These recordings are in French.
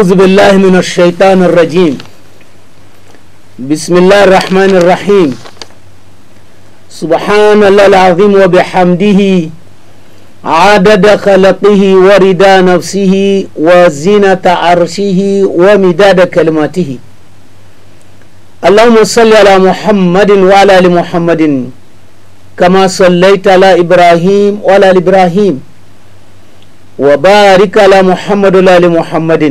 أعوذ بالله من الشيطان الرجيم بسم الله الرحمن الرحيم سبحان الله العظيم وبحمده عدد خلقه ورد نفسه وزنة عرشه ومداد كلماته اللهم صل على محمد وعلى آل محمد كما صليت على إبراهيم وعلى آل إبراهيم وبارك على محمد وعلى آل محمد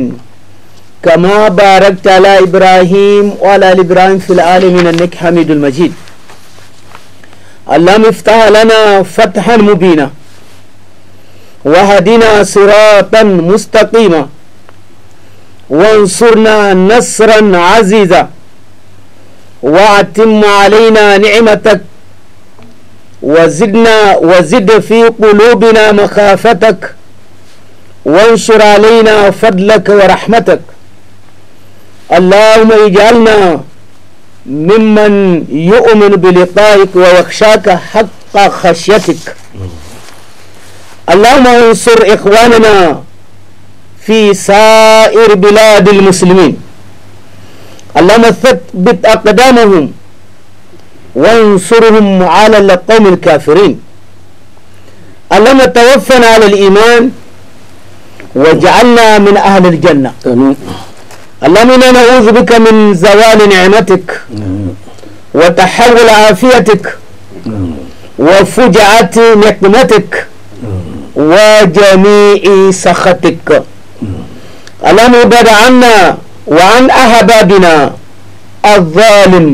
كما باركت على إبراهيم وعلى آل إبراهيم في العالمين إنك حميد المجيد اللهم افتح لنا فتحا مبينا وهدنا صراطا مستقيما وانصرنا نصرا عزيزا وأتم علينا نعمتك وزدنا وزد في قلوبنا مخافتك وانشر علينا فضلك ورحمتك اللهم اجعلنا ممن يؤمن بلقائك ويخشاك حق خشيتك اللهم انصر إخواننا في سائر بلاد المسلمين اللهم ثبت أقدامهم وانصرهم على القوم الكافرين اللهم توفنا على الإيمان واجعلنا من أهل الجنة آمين اللهم إنا نعوذ بك من زوال نعمتك وتحول عافيتك وفجعة نقمتك وجميع سخطك اللهم ابعد عنا وعن أحبابنا الظالم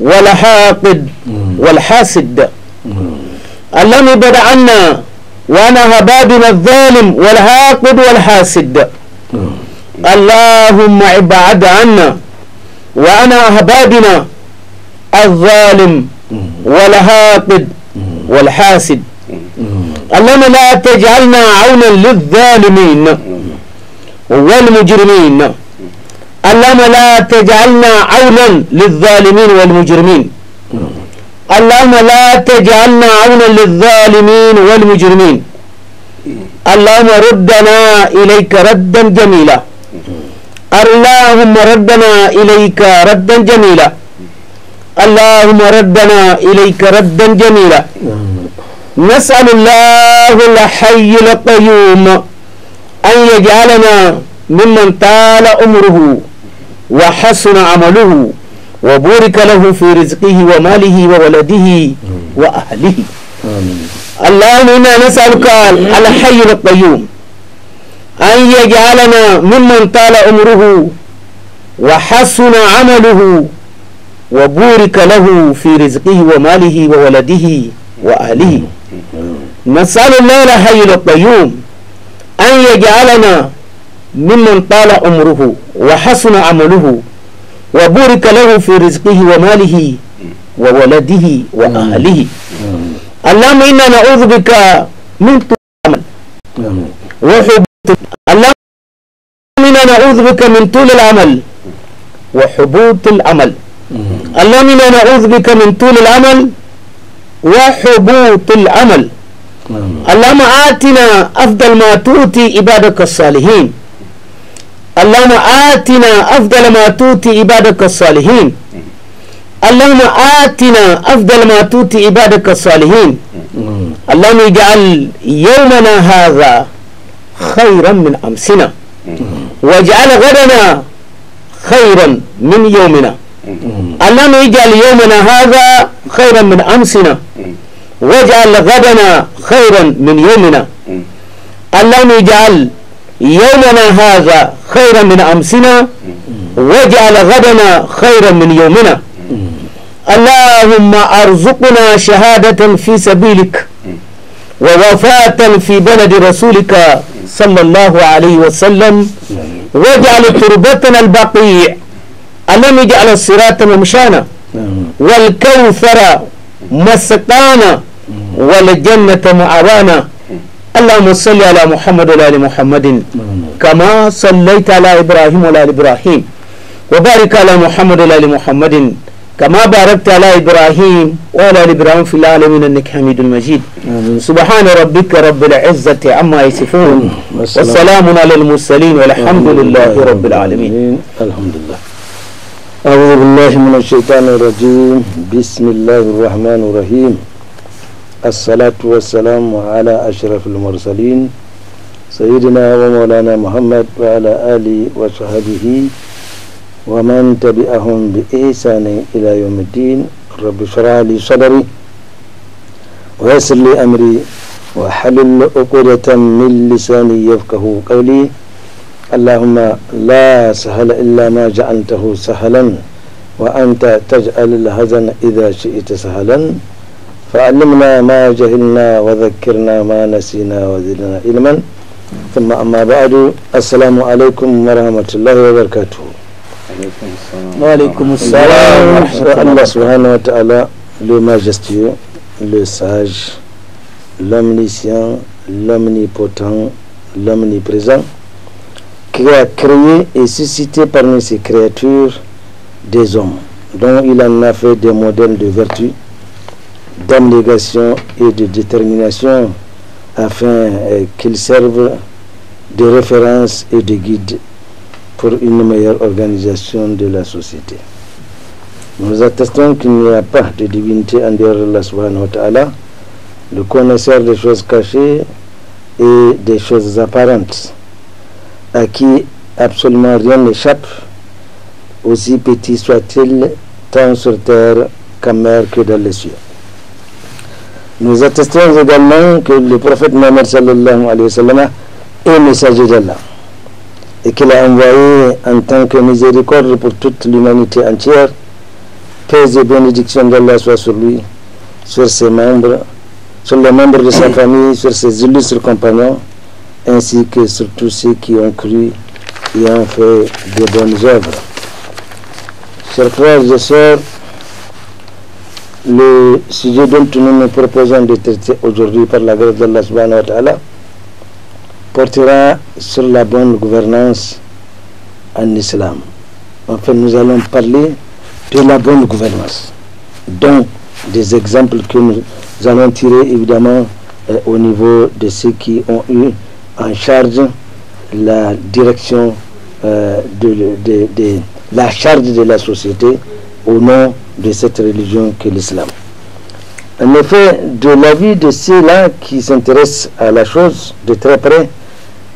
والحاقد والحاسد اللهم ابعد عنا وعن أحبابنا الظالم والحاقد والحاسد اللهم ابعد عنا وعن أحبابنا الظالم والهاقد والحاسد اللهم لا تجعلنا عونا للظالمين والمجرمين اللهم لا تجعلنا عونا للظالمين والمجرمين اللهم لا تجعلنا عونا للظالمين والمجرمين اللهم ردنا إليك ردا جميلا اللهم ردنا إليك ردا جميلا اللهم ردنا إليك ردا جميلا نسأل الله الحي القيوم أن يجعلنا ممن طال عمره وحسن عمله وبورك له في رزقه وماله وولده وأهله اللهم إنا نسألك الحي القيوم أن يجعلنا ممن طال عمره وحسن عمله وبورك له في رزقه وماله وولده وأهله نسأل الله الحي القيوم أن يجعلنا ممن طال عمره وحسن عمله وبورك له في رزقه وماله وولده وأهله اللهم إنا نعوذ بك من طول العمل وحب اللهم إنا نعوذ بك من طول العمل وحبوط الأمل اللهم إنا نعوذ بك من طول العمل وحبوط الأمل اللهم آتنا أفضل ما تؤتي عبادك الصالحين اللهم آتنا أفضل ما تؤتي عبادك الصالحين اللهم آتنا أفضل ما تؤتي عبادك الصالحين اللهم اجعل يومنا هذا خيرا من أمسنا واجعل غدنا خيرا من يومنا اللهم اجعل يومنا هذا خيرا من أمسنا واجعل غدنا خيرا من يومنا اللهم اجعل يومنا هذا خيرا من أمسنا واجعل غدنا خيرا من يومنا اللهم ارزقنا شهادة في سبيلك ووفاة في بلد رسولك صلى الله عليه وسلم واجعل تربتنا البقيع ألم يجعل الصراط ممشانا والكوثر مسقانا والجنة معوانا اللهم صل على محمد وعلى محمد كما صليت على إبراهيم وعلى إبراهيم وبارك على محمد وعلى محمد كما باركت على إبراهيم وعلى إبراهيم في العالمين إنك حميد مجيد سبحان ربك رب العزة عما يصفون والسلام على المرسلين والحمد لله رب العالمين الحمد لله أعوذ بالله من الشيطان الرجيم بسم الله الرحمن الرحيم الصلاة والسلام على أشرف المرسلين سيدنا ومولانا محمد وعلى آله وصحبه ومن تبعهم بإحسان إلى يوم الدين رب شرع لي صدري ويسر لي أمري وحلل عقدة من لساني يفقه قولي اللهم لا سهل إلا ما جعلته سهلا وأنت تجعل الهزن إذا شئت سهلا فعلمنا ما جهلنا وذكرنا ما نسينا وزدنا علما ثم أما بعد السلام عليكم ورحمة الله وبركاته Allah subhanahu wa ta'ala, le majestueux, le sage, l'omniscient, l'omnipotent, l'omniprésent, qui a créé et suscité parmi ses créatures des hommes, dont il en a fait des modèles de vertu, d'abnégation et de détermination, afin eh, qu'ils servent de référence et de guide pour une meilleure organisation de la société. Nous attestons qu'il n'y a pas de divinité en dehors de Allah le connaisseur des choses cachées et des choses apparentes, à qui absolument rien n'échappe, aussi petit soit-il, tant sur terre qu'en mer que dans les cieux. Nous attestons également que le prophète Mohammed sallallahu alayhi wa sallam est messager d'Allah et qu'il a envoyé en tant que miséricorde pour toute l'humanité entière, paix et bénédiction d'Allah soit sur lui, sur ses membres, sur les membres de sa famille, sur ses illustres compagnons, ainsi que sur tous ceux qui ont cru et ont fait de bonnes œuvres. Chers frères et sœurs, le sujet dont nous nous proposons de traiter aujourd'hui par la grâce de subhanahu wa ta'ala, portera sur la bonne gouvernance en islam. Enfin, nous allons parler de la bonne gouvernance. Donc, des exemples que nous allons tirer évidemment euh, au niveau de ceux qui ont eu en charge la direction euh, de, de, la charge de la société au nom de cette religion que l'islam. En effet, de l'avis de ceux-là qui s'intéressent à la chose de très près,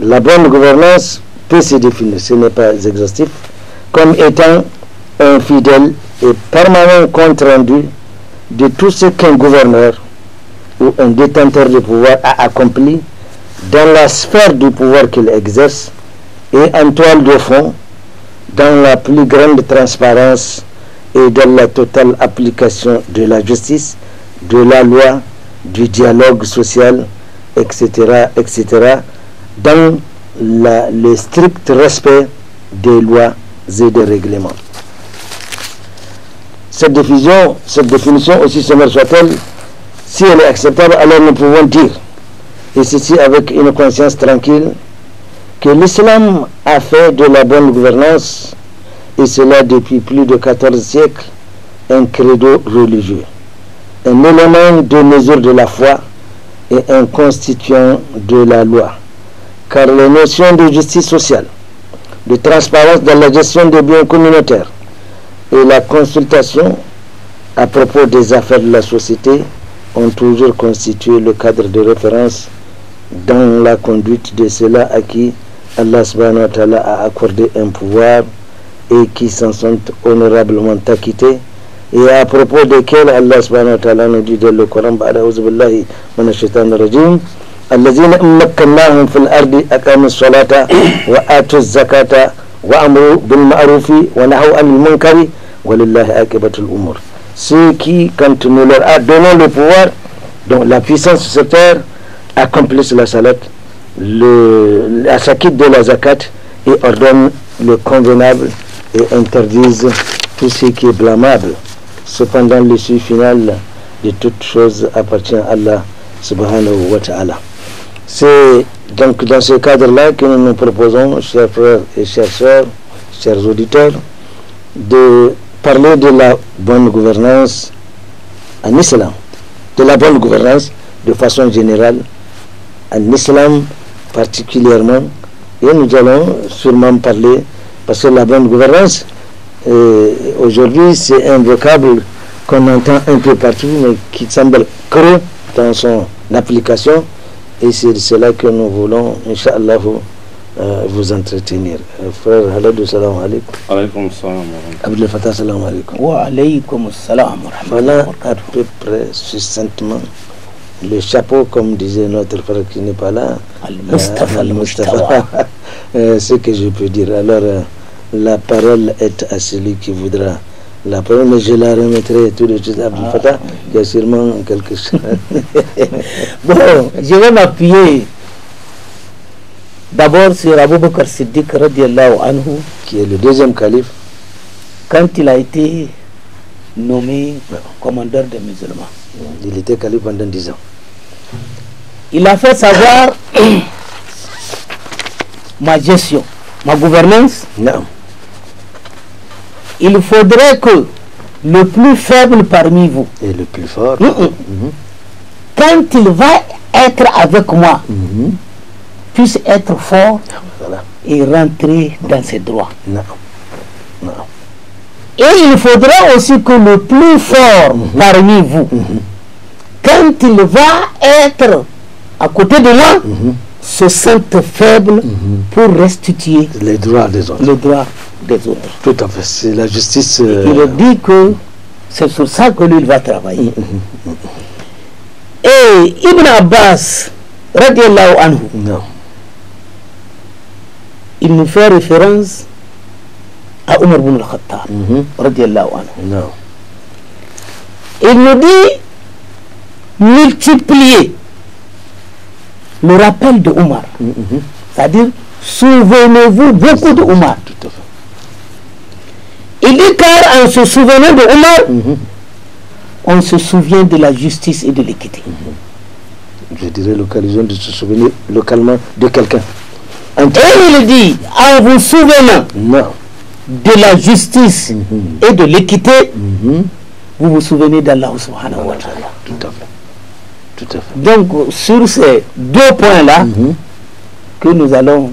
la bonne gouvernance peut se définir, ce n'est pas exhaustif, comme étant un fidèle et permanent compte rendu de tout ce qu'un gouverneur ou un détenteur de pouvoir a accompli dans la sphère du pouvoir qu'il exerce et en toile de fond dans la plus grande transparence et dans la totale application de la justice, de la loi, du dialogue social, etc., etc., dans le strict respect des lois et des règlements. Cette définition, cette définition aussi sommaire soit-elle, si elle est acceptable, alors nous pouvons dire, et ceci avec une conscience tranquille, que l'islam a fait de la bonne gouvernance, et cela depuis plus de 14 siècles, un credo religieux, un élément de mesure de la foi et un constituant de la loi car les notions de justice sociale, de transparence dans la gestion des biens communautaires et la consultation à propos des affaires de la société ont toujours constitué le cadre de référence dans la conduite de ceux-là à qui Allah subhanahu wa ta'ala a accordé un pouvoir et qui s'en sont honorablement acquittés et à propos desquels Allah subhanahu wa ta'ala nous dit dans le Coran الذين أمكناهم في الأرض أقاموا الصلاة وآتوا الزكاة وأمروا بالمعروف ونهوا عن المنكر ولله عاقبة الأمور سيكي كانت نولر أدونون بوار دون لا فيسانس سفير أكمبلس لا صلاة لأساكيد دي لا زكاة إي أردون لو كونفينابل et interdisent tout ce qui est blâmable. Cependant, l'issue finale de toutes choses appartient à Allah C'est donc dans ce cadre-là que nous nous proposons, chers frères et chers sœurs, chers auditeurs, de parler de la bonne gouvernance en islam, de la bonne gouvernance de façon générale en islam particulièrement, et nous allons sûrement parler, parce que la bonne gouvernance, euh, aujourd'hui, c'est un vocable qu'on entend un peu partout, mais qui semble creux dans son application. Et c'est cela que nous voulons, Inch'Allah, vous, euh, vous entretenir. Euh, frère Haladou, salam alaikum. Alaykoum salam Abdel Fattah, salam alaikum. Wa alaykoum salam Voilà à peu près succinctement le chapeau, comme disait notre frère qui n'est pas là. Al-Mustafa, euh, Al-Mustafa. Euh, ce que je peux dire. Alors, la parole est à celui qui voudra. La première, mais je la remettrai tout de suite à Abdel ah. Fattah, il y a sûrement quelque chose. bon, je vais m'appuyer d'abord sur Abu Bakr Siddiq, anhu, qui est le deuxième calife. Quand il a été nommé commandeur des musulmans. Il était calife pendant 10 ans. Il a fait savoir ma gestion, ma gouvernance. Non il faudrait que le plus faible parmi vous. Et le plus fort. Quand il va être avec moi, mm-hmm. puisse être fort et rentrer dans ses droits. Et il faudrait aussi que le plus fort mm-hmm. parmi vous, mm-hmm. quand il va être à côté de moi, se sente faible pour restituer les droits des autres des autres. Tout à fait, c'est la justice. Euh... Il dit que c'est sur ça que lui va travailler. Mm, mm, mm. Et Ibn Abbas, radiallahu anhu, non. il nous fait référence à Omar ibn al-Khattab, radiallahu anhu. Non. Il nous dit multiplier le rappel de Omar. C'est-à-dire, souvenez-vous beaucoup de Omar. Tout à fait. Il dit car se souvenant de Omar, mhm. on se souvient de la justice et de l'équité. Mhm. Je dirais l'occasion de se souvenir localement de quelqu'un. Et il dit, en vous souvenant de la justice mhm. et de l'équité, vous vous souvenez d'Allah subhanahu wa ta'ala. Tout à fait. Donc sur ces deux points-là que nous allons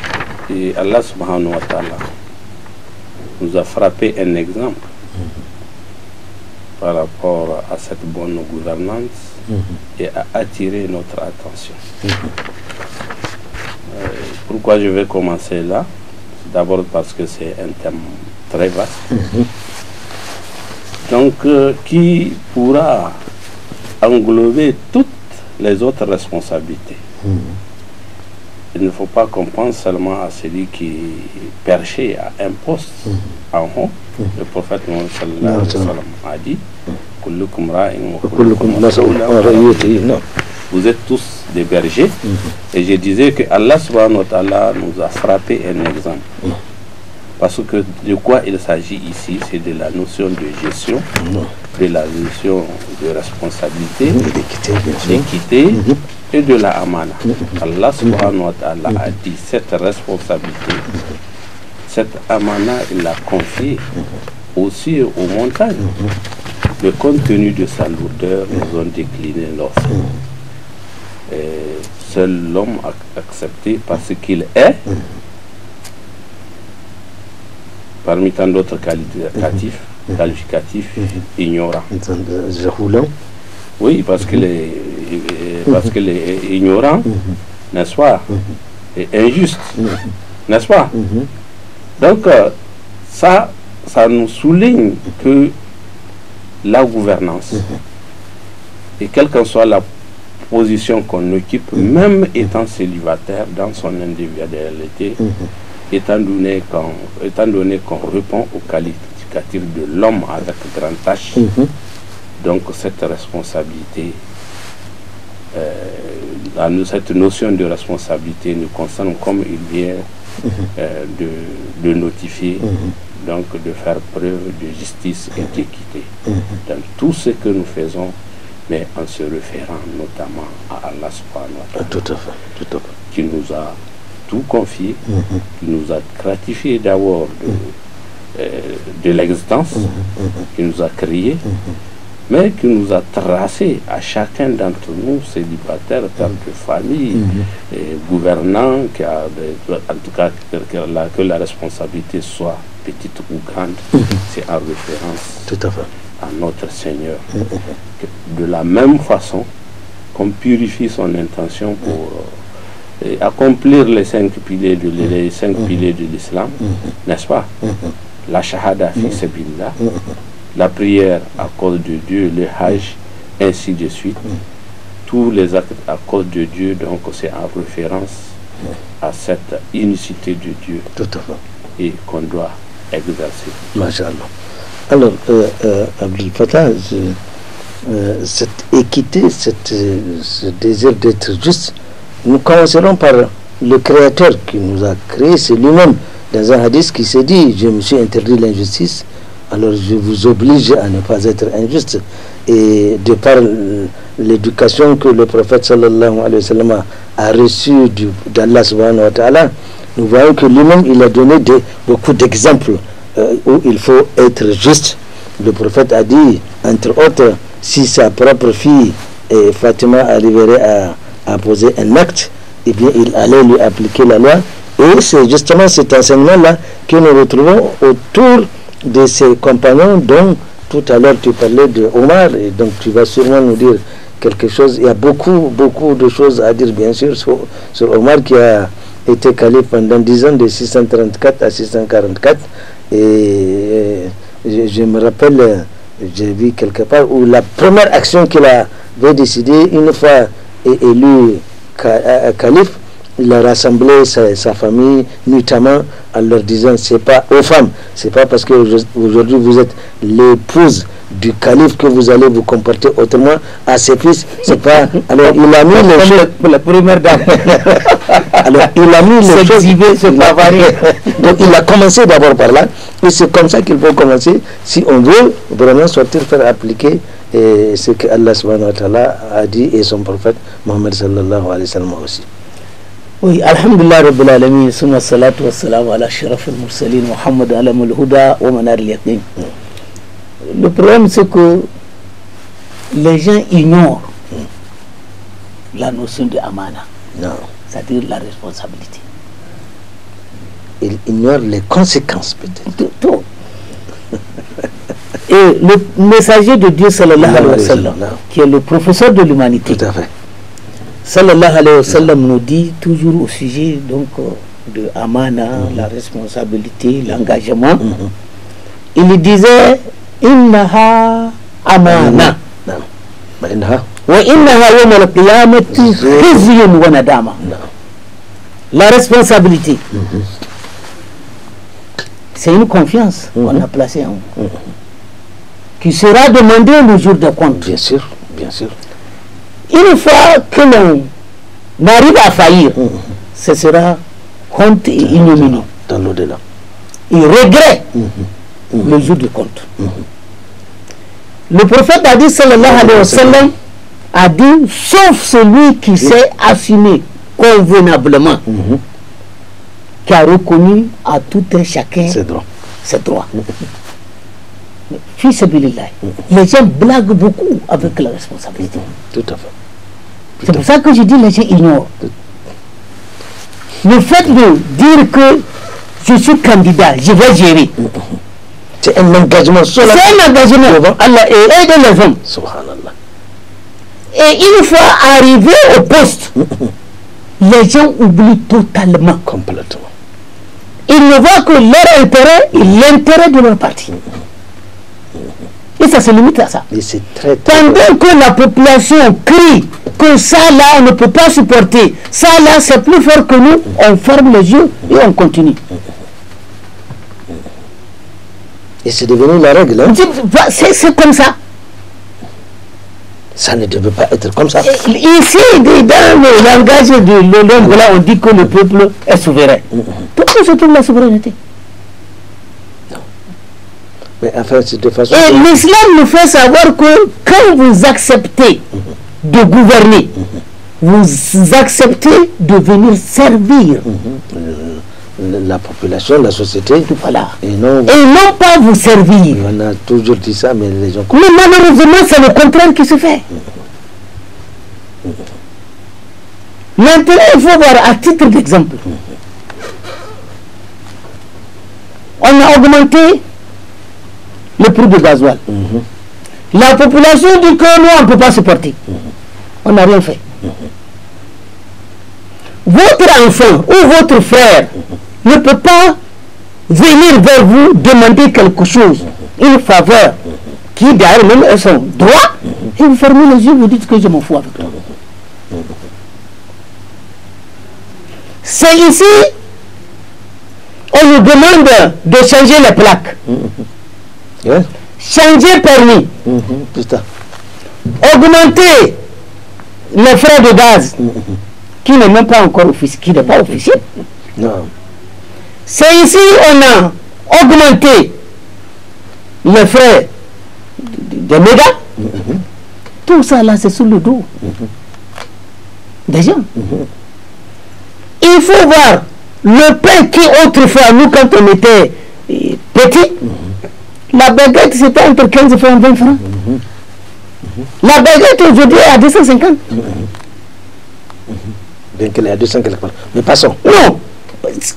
Et Allah subhanahu wa ta'ala nous a frappé un exemple par rapport à cette bonne gouvernance et à attirer notre attention. Euh, pourquoi je vais commencer là D'abord parce que c'est un thème très vaste. Donc, euh, qui pourra englober toutes les autres responsabilités il ne faut pas qu'on pense seulement à celui qui est perché à un poste mhm. en haut. Mhm. Le prophète a dit mhm. Vous êtes tous des bergers. Et je disais que Allah subhanahu wa ta'ala nous a frappé un exemple. Parce que de quoi il s'agit ici, c'est de la notion de gestion, de la notion de responsabilité, d'équité, et de la amana. Allah subhanahu wa ta'ala a dit cette responsabilité, cette amana, il l'a confiée aussi aux montagnes. le contenu de sa lourdeur, ils ont décliné leur Seul l'homme a accepté parce qu'il est parmi tant d'autres qualificatifs, qualificatifs ignorants. Oui, parce qu'elle est, parce mhm. n'est-ce pas mhm. Et injuste, mhm. n'est-ce pas Donc, euh, ça, ça nous souligne que la gouvernance, et quelle que soit la position qu'on occupe, même étant célibataire dans son individualité, étant donné qu'on répond aux qualificatifs de l'homme avec grande tâche, donc cette responsabilité, euh, cette notion de responsabilité nous concerne comme il vient mhm. euh, de, notifier, mhm. donc de faire preuve de justice et mhm. d'équité dans tout ce que nous faisons, mais en se référant notamment à Allah Tout Qui nous a tout confié, qui nous a gratifié d'abord de, euh, de l'existence, qui nous a créé mais qui nous a tracé à chacun d'entre nous, célibataires, tant de famille, mhm. gouvernants, en tout cas que, la, responsabilité soit petite ou grande, mhm. c'est en référence à, notre Seigneur. Mhm. de la même façon qu'on purifie son intention pour euh, accomplir les cinq piliers de les cinq piliers de l'islam, n'est-ce pas La shahada fi la prière à cause de Dieu, le Hajj, ainsi de suite. Mm. Tous les actes à cause de Dieu, donc c'est en référence mm. à cette unicité de Dieu. Tout Et qu'on doit exercer. Machallah. Alors, euh, euh, Abdel Fattah, euh, cette équité, ce désir d'être juste, nous commencerons par le Créateur qui nous a créés, c'est lui-même. Dans un hadith qui se dit, je me suis interdit l'injustice, alors je vous oblige à ne pas être injuste. Et de par l'éducation que le prophète sallallahu alayhi wa sallam a reçue d'Allah subhanahu wa ta'ala, nous voyons que lui-même il a donné de, beaucoup d'exemples euh, où il faut être juste. Le prophète a dit, entre autres, si sa propre fille Fatima arriverait à, à poser un acte, eh bien il allait lui appliquer la loi. Et c'est justement cet enseignement-là que nous retrouvons autour de ses compagnons dont tout à l'heure tu parlais de Omar et donc tu vas sûrement nous dire quelque chose. Il y a beaucoup, beaucoup de choses à dire bien sûr sur, Omar qui a été calife pendant 10 ans de 634 à 644 et euh, je, je me rappelle, j'ai vu quelque part où la première action qu'il avait décidée une fois élu euh, calife, il a rassemblé sa, famille notamment en leur disant c'est pas aux femmes, c'est pas parce que aujourd'hui vous êtes l'épouse du calife que vous allez vous comporter autrement à ses fils, c'est pas alors il a mis les choses la première dame. alors il a mis les choses donc il a commencé d'abord par là et c'est comme ça qu'il faut commencer si on veut vraiment sortir faire appliquer eh, ce que Allah subhanahu wa ta'ala a dit et son prophète Mohammed sallallahu alayhi wa sallam aussi. Oui, Alhamdulillah Rabbil Alamin, Summa Salatu Wassalam ala Sharaf al-Mursalin, Muhammad Alam al-Huda, wa Manar al-Yaqin. Le problème, c'est que les gens ignorent la notion de amana, c'est-à-dire la responsabilité. Ils ignorent les conséquences, peut-être. Tout. Et le messager de Dieu, sallallahu alayhi wa sallam, qui est le professeur de l'humanité, tout à fait sallallahu alayhi wa sallam nous dit toujours au sujet donc euh, de Amana, mhm. la responsabilité, l'engagement. Mhm. Il disait Innaha Amana. Bah, la responsabilité, mhm. c'est une confiance qu'on a placée en qui sera demandée le jour de compte. Bien sûr, bien sûr. Une fois que l'on arrive à faillir, mm. ce sera compte et ignominie. Dans l'au-delà. Il regret mm-hmm. mm-hmm. le jour du compte. Mm-hmm. Le prophète a dit, sallallahu alayhi wa sallam, a dit, sauf celui qui s'est assumé convenablement, qui a reconnu à tout un chacun ses droits. Ses droits. Fils les gens blaguent beaucoup avec la responsabilité. Tout à fait. C'est pour ça que je dis les gens ignorent. Le fait de dire que je suis candidat, je vais gérer. C'est un engagement solaire. C'est un engagement Allah et, aide de les Subhanallah. Et une fois arrivé au poste, les gens oublient totalement. Complètement. Ils ne voient que leur intérêt et l'intérêt de leur parti. Et ça se limite à ça. Pendant que la population crie que ça là, on ne peut pas supporter, ça là, c'est plus fort que nous, on ferme les yeux et on continue. Et c'est devenu la règle. Hein? C'est comme ça. Ça ne devait pas être comme ça. ici, dans le langage de l'homme, on dit que le peuple est souverain. Mm-hmm. Pourquoi se trouve la souveraineté mais de façon Et l'islam nous fait savoir que quand vous acceptez de gouverner, mhm. vous acceptez de venir servir mhm. euh, la population, la société. Voilà. Et non, pas vous servir. On a toujours dit ça, mais les gens. Mais malheureusement, c'est le contraire qui se fait. Mhm. maintenant il faut voir à titre d'exemple. On a augmenté le prix du gasoil. Mhm. La population dit que nous, on ne peut pas supporter. porter. Mhm. On n'a rien fait. Mhm. Votre enfant ou votre frère ne peut pas venir vers vous demander quelque chose, une faveur, qui derrière même son droit, et vous fermez les yeux, vous dites que je m'en fous avec toi. C'est ici, on vous demande de changer les plaques changer permis, mm-hmm. tout ça augmenter les frais de gaz, mm-hmm. qui n'est même pas encore officiel, qui n'est pas officiel. C'est ici on a augmenté les frais de méga. Mm-hmm. Tout ça là, c'est sous le dos des gens. Il faut voir le pain qui autrefois, nous, quand on était petit, la baguette, c'était entre 15 francs et 20 francs. Mhm. La baguette, aujourd'hui, est à 250. Mhm. Mhm. Bien qu'elle est à 250 Mais passons. Non.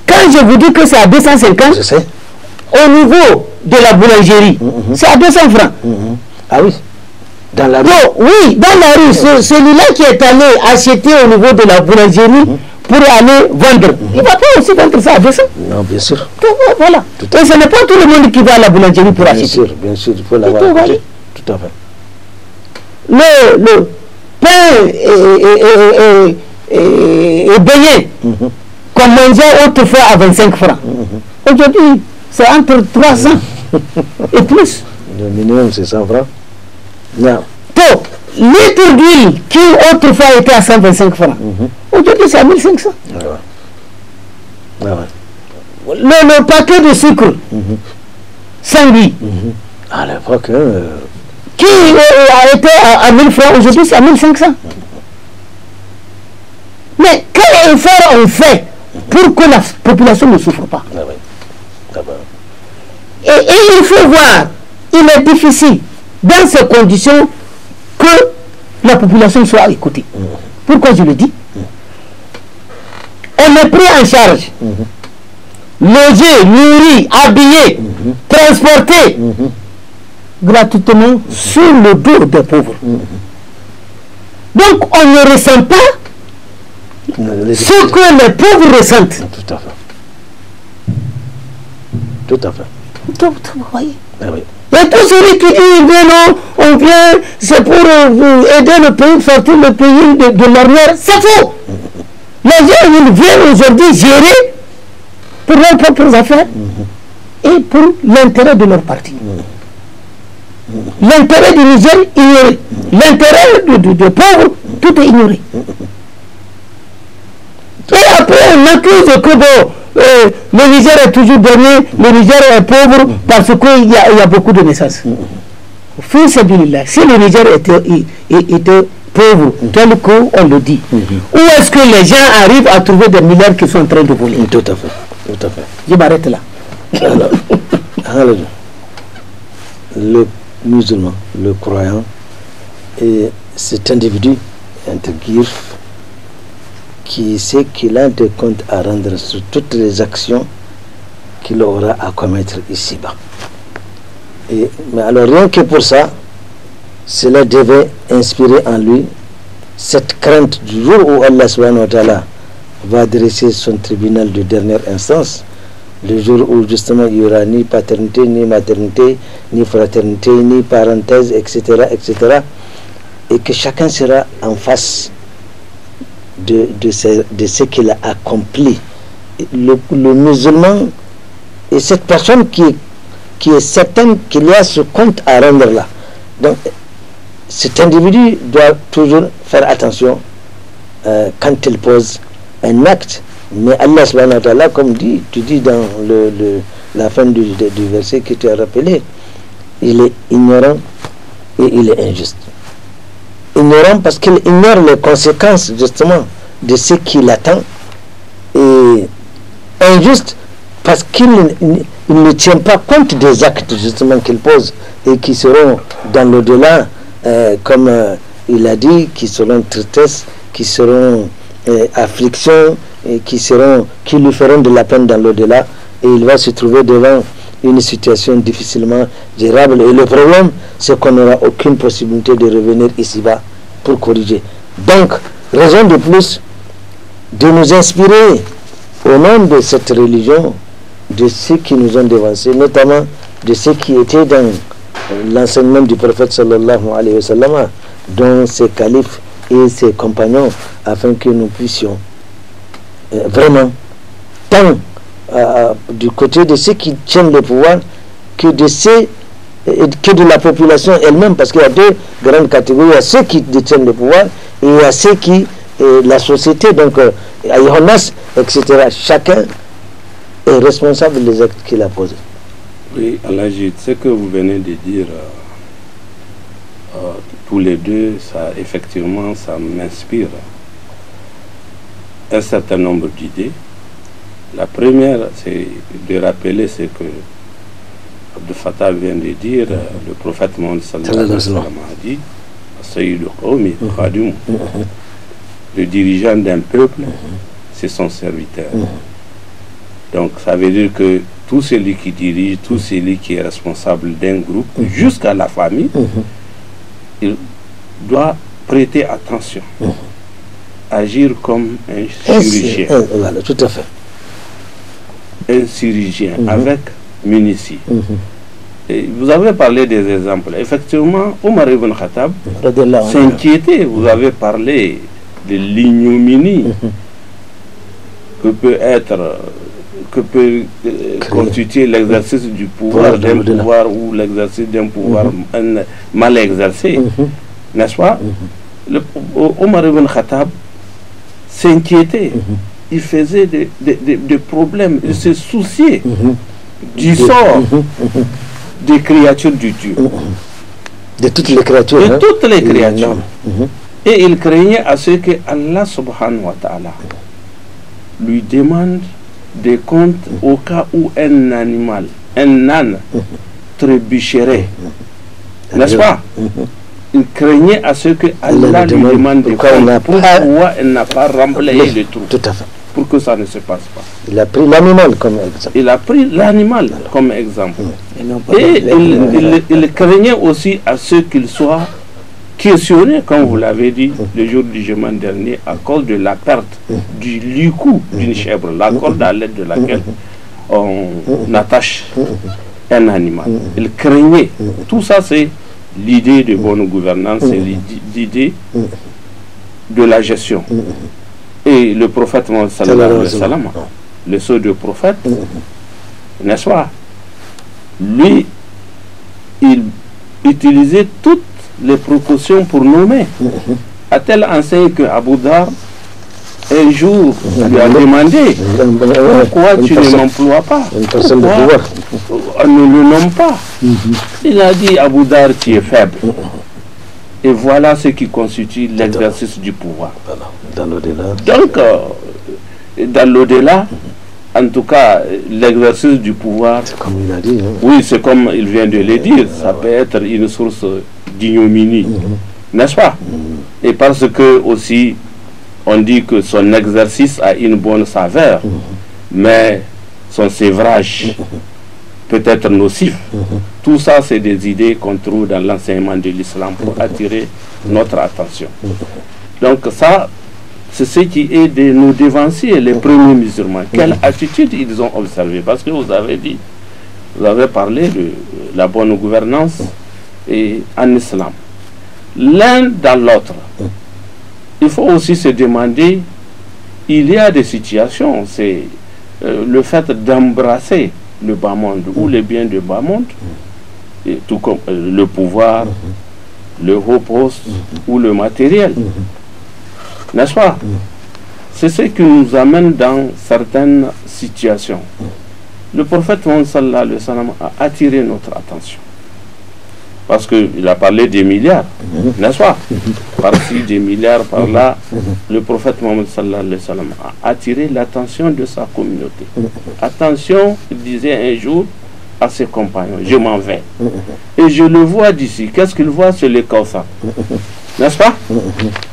Quand je vous dis que c'est à 250, je sais. au niveau de la boulangerie, c'est à 200 francs. Ah oui dans la rue. Non, oui, dans la rue, celui-là qui est allé acheter au niveau de la boulangerie pour aller vendre, il va pas aussi vendre ça à 200. Non, bien sûr. Tout, voilà. et ce n'est pas tout le monde qui va à la boulangerie pour acheter. Bien sûr, bien sûr, il faut l'avoir tout, tout à fait. Le, pain est et, et, mhm. qu'on mangeait autrefois à 25 francs. Mhm. Aujourd'hui, c'est entre 300 et plus. Le minimum, c'est 100 francs. Non. Pour litre qui autrefois était à 125 francs, mhm. aujourd'hui c'est à 1500 le, le, paquet de sucre, sans lui. À l'époque. Euh, Qui euh, euh, a été à, à 1000 francs, aujourd'hui c'est à 1500. Mais quel effort on fait pour que la population ne souffre pas ah ah ben. et, il faut voir, il est difficile dans ces conditions que la population soit écoutée. Mm-hmm. Pourquoi je le dis On mm-hmm. est pris en charge. Mm-hmm logé, nourri, habillé, transporté gratuitement sur le dos des pauvres. Donc on ne ressent pas ce que les pauvres ressentent. Tout à fait. Tout à fait. Tout vous voyez. Ah Et tous ceux qui disent, non, on vient, c'est pour euh, aider le pays, sortir le pays de, de l'arrière, c'est faux. Les gens, ils viennent aujourd'hui gérer pour leurs propres affaires mm-hmm. et pour l'intérêt de leur parti. L'intérêt du Niger ignoré. L'intérêt des mm-hmm. de, de pauvres, mm-hmm. tout est ignoré. Et après, on accuse que le Niger est toujours donné, le Niger est pauvre parce qu'il y, a, beaucoup de naissances. Fils là, si le Niger était, était pauvre, tel qu'on le dit, où est-ce que les gens arrivent à trouver des milliards qui sont en train de voler Tout à fait. Tout à fait. Je m'arrête là. Alors, le musulman, le croyant, et cet individu, un qui sait qu'il a des comptes à rendre sur toutes les actions qu'il aura à commettre ici-bas. Mais alors rien que pour ça, cela devait inspirer en lui cette crainte du jour où Allah subhanahu wa ta'ala va dresser son tribunal de dernière instance, le jour où justement il n'y aura ni paternité, ni maternité, ni fraternité, ni parenthèse, etc., etc., et que chacun sera en face de, de, ce, de ce qu'il a accompli. Le, musulman et cette personne qui, qui est certaine qu'il y a ce compte à rendre là. Donc, cet individu doit toujours faire attention euh, quand il pose un acte. Mais Allah subhanahu wa comme dit, tu dis dans la fin du, verset que tu as rappelé, il est ignorant et il est injuste. Ignorant parce qu'il ignore les conséquences justement de ce qu'il attend et injuste parce qu'il ne tient pas compte des actes justement qu'il pose et qui seront dans l'au-delà, euh, comme euh, il a dit, qui seront tristesse, qui seront afflictions qui, seront, qui lui feront de la peine dans l'au-delà et il va se trouver devant une situation difficilement gérable. Et le problème, c'est qu'on n'aura aucune possibilité de revenir ici-bas pour corriger. Donc, raison de plus de nous inspirer au nom de cette religion, de ceux qui nous ont dévancés, notamment de ceux qui étaient dans l'enseignement du prophète alayhi dont ses califes et ses compagnons afin que nous puissions euh, vraiment, tant euh, euh, du côté de ceux qui tiennent le pouvoir que de ceux que de la population elle-même, parce qu'il y a deux grandes catégories, il y a ceux qui détiennent le pouvoir et il y a ceux qui, la société, donc euh, etc. Chacun est responsable des actes qu'il a posés. Oui, Alajid, ce que vous venez de dire, tous les deux, ça effectivement, ça m'inspire un certain nombre d'idées. La première, c'est de rappeler ce que Abdel Fattah vient de dire, euh, le prophète Mohammed sallallahu alayhi wa sallam a dit mm-hmm. Mm-hmm. Le dirigeant d'un peuple, mm-hmm. c'est son serviteur. Donc ça veut dire que tout celui qui dirige, tout celui qui est responsable d'un groupe, jusqu'à la famille, il doit prêter attention agir comme un chirurgien. Euh, tout à fait. Un chirurgien mhm. avec munici. Mhm. Vous avez parlé des exemples. Effectivement, Omar ibn Khattab s'inquiétait. Vous avez parlé de l'ignominie mhm. que peut être que peut euh, constituer l'exercice du pouvoir d'un pouvoir ou l'exercice d'un pouvoir mal exercé, n'est-ce pas? Le, Omar ibn Khattab s'inquiétait. Mhm. Il faisait des, problèmes. Il se souciait mhm. du sort mhm. des créatures du Dieu. De toutes les créatures. De hein. toutes les créatures. Et il craignait à ce que Allah subhanahu wa ta'ala lui demande des comptes au cas où un animal, un âne, trébucherait. N'est-ce pas il craignait à ce que Allah lui demande pourquoi, elle n'a pas, rempli le trou. Pour que ça ne se passe pas. Il a pris l'animal comme exemple. Il a pris l'animal comme exemple. Et, il, craignait aussi à ce qu'il soit questionné, comme vous l'avez dit, le jour du jugement dernier, à cause de la perte du lucou d'une chèvre, la corde à l'aide de laquelle on attache un animal. Il craignait. Tout ça, c'est l'idée de bonne gouvernance, et mmh. l'idée de la gestion. Mmh. Et le prophète le seul de prophète, mmh. n'est-ce pas Lui, il utilisait toutes les précautions pour nommer. A-t-elle enseigné que Abu Dhar un jour, il lui a demandé pourquoi tu ne m'emploies pas. on ne le nomme pas. Mm-hmm. Il a dit Abou Dar, tu es faible. Et voilà ce qui constitue l'exercice du pouvoir. Dans lau Donc, euh, dans l'au-delà, en tout cas, l'exercice du pouvoir. C'est comme il a dit. Hein. Oui, c'est comme il vient de le dire. Ça peut être une source d'ignominie. Mm-hmm. N'est-ce pas mm-hmm. Et parce que aussi, on dit que son exercice a une bonne saveur, mhm. mais son sévrage mhm. peut être nocif. Mhm. Tout ça, c'est des idées qu'on trouve dans l'enseignement de l'islam pour attirer notre attention. Donc ça, c'est ce qui est de nous dévancer les premiers musulmans. Quelle attitude ils ont observé Parce que vous avez dit, vous avez parlé de euh, la bonne gouvernance et en islam. L'un dans l'autre il faut aussi se demander, il y a des situations, c'est euh, le fait d'embrasser le bas monde ou les biens du bas monde, et tout comme euh, le pouvoir, le haut mhm. ou le matériel. Mhm. N'est-ce pas mhm. C'est ce qui nous amène dans certaines situations. Le prophète wasallam a attiré notre attention. Parce qu'il a parlé des milliards, mhm. n'est-ce pas mhm. Par-ci, des milliards, par là. Mhm. Le prophète Mohammed a attiré l'attention de sa communauté. Attention, il disait un jour à ses compagnons, je m'en vais. Et je le vois d'ici. Qu'est-ce qu'il voit sur les causes N'est-ce pas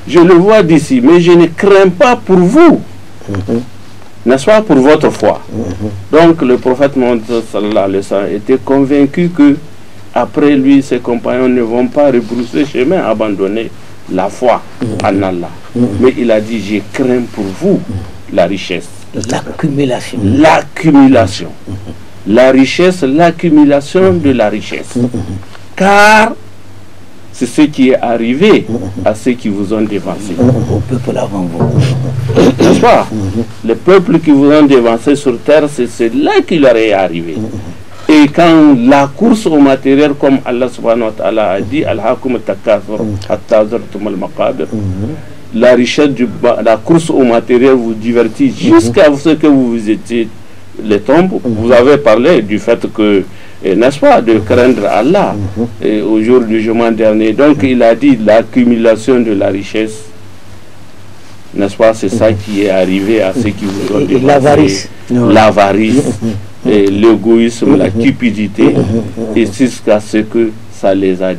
Je le vois d'ici, mais je ne crains pas pour vous n'est-ce pas, pour votre foi. Donc le prophète Mohammed était convaincu que après lui, ses compagnons ne vont pas rebrousser chemin, abandonner la foi mm. en Allah. Mm. Mais il a dit, j'ai crains pour vous la richesse. L'accumulation. L'accumulation. Mm. La richesse, l'accumulation de la richesse. Car c'est ce qui est arrivé à ceux qui vous ont dévancé. Au peuple avant vous. N'est-ce pas Le peuple qui vous ont dévancé sur terre, c'est là qu'il leur est arrivé. Et quand la course au matériel, comme Allah subhanahu wa ta'ala a dit, Al-Hakum mm. al-Maqabir, mm -hmm. la richesse, du, la course au matériel vous divertit mm -hmm. jusqu'à ce que vous vous étiez les tombes. -hmm. Vous avez parlé du fait que, eh, n'est-ce pas, de craindre Allah et au jour du jugement dernier. Donc il a dit l'accumulation de la richesse n'est-ce pas C'est ça qui est arrivé à ceux qui vous ont L'avarice. L'avarice l'égoïsme, la cupidité, mm-hmm. Mm-hmm. et jusqu'à ce que ça les a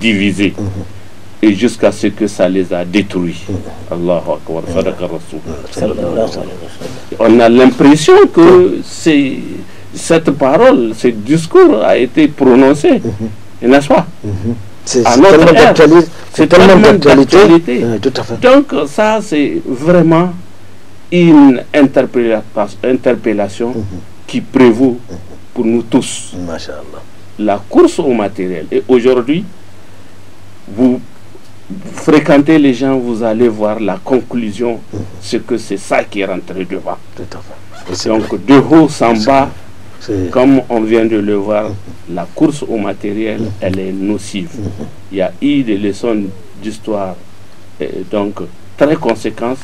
divisés mm-hmm. et jusqu'à ce que ça les a détruits. Akbar, On a l'impression que cette parole, ce discours a été prononcé, n'est-ce pas c'est tellement d'actualité. Donc ça, c'est vraiment une interpellation, qui prévaut pour nous tous. La course au matériel. Et aujourd'hui, vous fréquentez les gens, vous allez voir la conclusion, c'est que c'est ça qui est rentré devant. Donc de haut en bas, comme on vient de le voir, mm-hmm. la course au matériel, mm-hmm. elle est nocive. Mm-hmm. Il y a eu des leçons d'histoire, donc très conséquences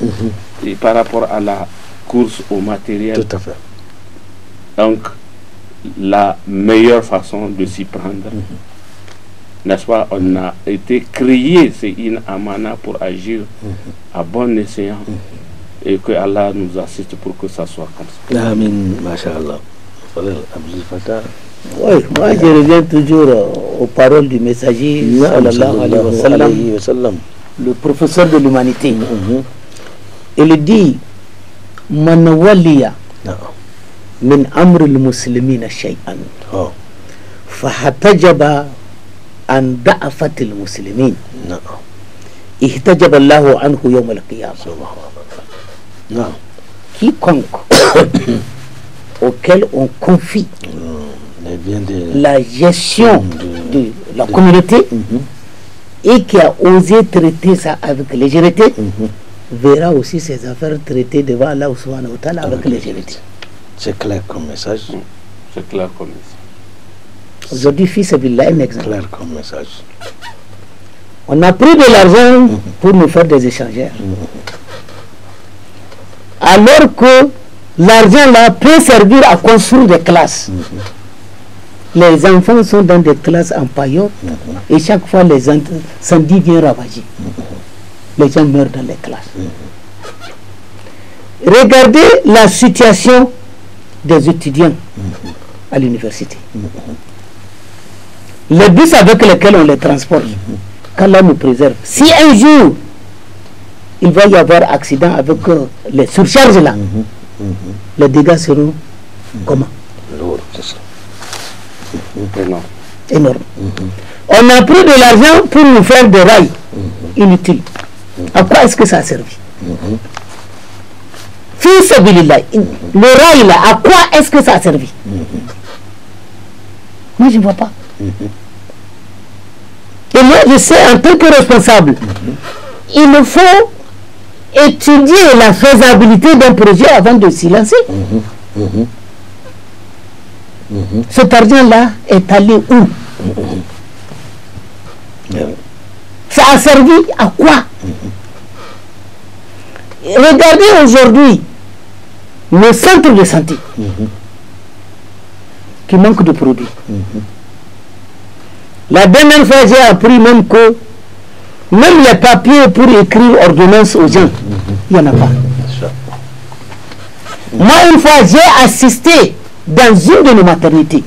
et par rapport à la course au matériel. à fait. Donc, la meilleure façon de s'y prendre, mhm. n'est-ce pas, on a été créé, c'est une amana pour agir mhm. à bon escient mhm. et que Allah nous assiste pour que ça soit comme ça. Oui, moi je reviens toujours aux paroles du messager, le professeur de l'humanité. Il dit, Manawaliya quiconque auquel on confie mm. la gestion mm. de, la communauté mm-hmm. et qui a osé traiter ça avec légèreté mm-hmm. verra aussi ses affaires traitées devant Allah avec, avec légèreté. C'est clair comme message. Mm. C'est clair comme message. Aujourd'hui, fils un exemple. clair comme message. On a pris de l'argent mm-hmm. pour nous faire des échangeurs. Mm-hmm. Alors que l'argent là peut servir à construire des classes. Mm-hmm. Les enfants sont dans des classes en paillot et chaque fois les incendies viennent ravagés Les gens meurent dans les classes. Regardez la situation des étudiants à l'université. Les bus avec lesquels on les transporte, qu'Allah nous préserve. Si un jour il va y avoir accident avec euh, les surcharges là, les dégâts seront comment c'est ça. Énorme. Énorme. On a pris de l'argent pour nous faire des rails inutiles. À quoi est-ce que ça a servi le rail là, à quoi est-ce que ça a servi mm-hmm. Moi, je ne vois pas. Mm-hmm. Et moi, je sais, un peu que responsable, mm-hmm. il me faut étudier la faisabilité d'un projet avant de s'y lancer. ce argent-là est allé où Ça a servi à quoi Regardez aujourd'hui nos centres de santé mhm. qui manque de produits. Mhm. La dernière fois, j'ai appris même que même les papiers pour écrire ordonnance aux gens, mhm. il n'y en a pas. Moi, une fois, j'ai assisté dans une de nos maternités.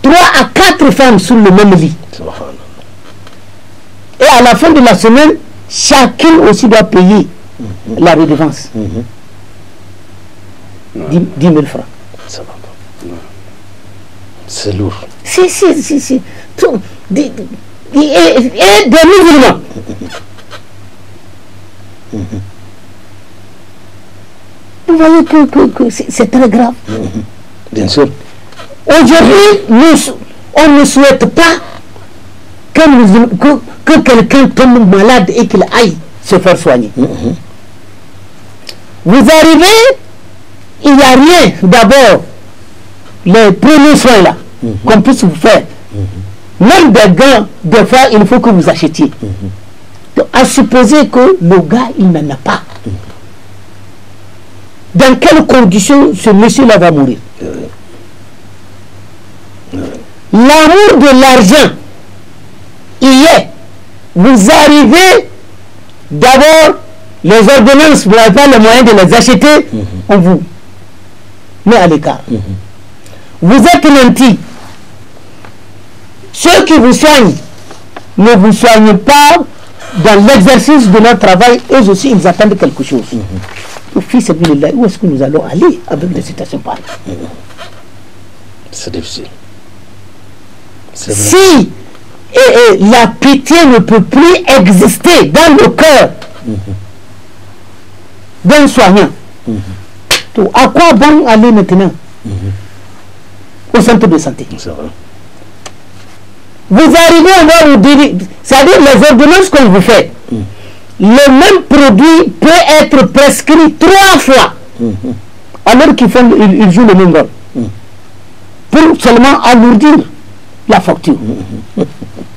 Trois à quatre femmes sur le même lit. Et à la fin de la semaine, chacune aussi doit payer la redevance. 10 000 francs. C'est lourd. Si, si, si, si. et, et des musulmans. Vous voyez que, c'est très grave. Bien sûr. Aujourd'hui, on ne souhaite pas que, que, que quelqu'un tombe malade et qu'il aille se faire soigner. Mm-hmm. Vous arrivez il n'y a rien d'abord, les premiers soins là, mhm. qu'on puisse vous faire. Mhm. Même des gants, des fois, il faut que vous achetiez. Mhm. à supposer que le gars, il n'en a pas. Dans quelles conditions ce monsieur-là va mourir L'amour de l'argent, il est. Vous arrivez d'abord, les ordonnances, vous n'avez pas le moyen de les acheter, on vous mais à l'écart. Mhm. Vous êtes menti. Ceux qui vous soignent ne vous soignent pas dans l'exercice de leur travail. Eux aussi, ils attendent quelque chose. Mhm. où est-ce que nous allons aller avec des citations par là mhm. C'est difficile. Si la pitié ne peut plus exister dans le cœur d'un soignant, à quoi bon aller maintenant mhm. au centre de santé Vous arrivez à voir c'est-à-dire les ordonnances qu'on vous fait, mhm. le même produit peut être prescrit trois fois mhm. alors qu'il joue le même rôle pour seulement alourdir la facture.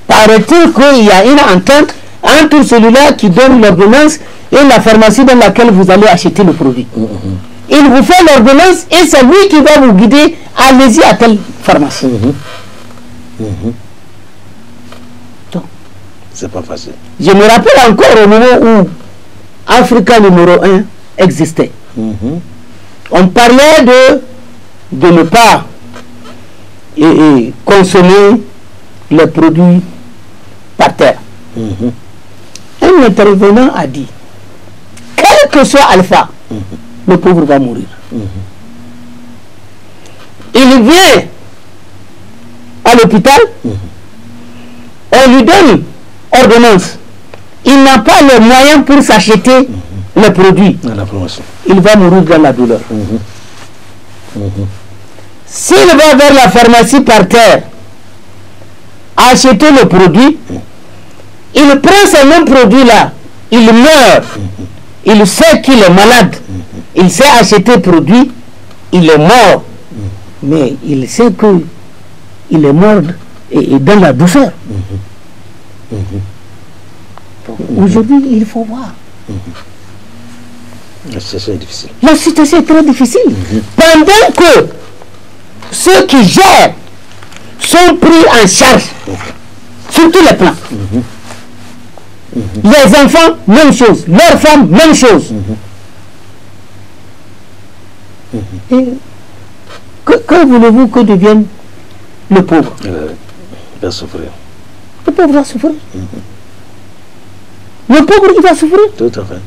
Paraît-il qu'il y a une entente entre celui-là qui donne l'ordonnance et la pharmacie dans laquelle vous allez acheter le produit il vous fait l'ordonnance et c'est lui qui va vous guider. Allez-y à telle pharmacie. Mm-hmm. Mm-hmm. C'est pas facile. Je me rappelle encore au moment où Africa numéro 1 existait. Mm-hmm. On parlait de, de ne pas et, consommer les produits par terre. Un intervenant a dit, quel que soit Alpha, le pauvre va mourir. Il vient à l'hôpital, on lui donne ordonnance. Il n'a pas les moyens pour s'acheter le produit. Il va mourir dans la douleur. S'il va vers la pharmacie par terre, acheter le produit, il prend ce même produit-là, il meurt, il sait qu'il est malade, il s'est acheté produit, il est mort. Mais il sait qu'il est mort et, dans la douceur. Mhm. Aujourd'hui, il faut voir. La situation est difficile. La situation est très difficile. Mhm. Pendant que ceux qui gèrent sont pris en charge mhm. sur tous les plans. Les enfants, même chose. Leurs femmes, même chose. Et que, voulez-vous que devienne le pauvre euh, Il va souffrir. Le pauvre va souffrir. Le pauvre, il va souffrir. Tout à fait.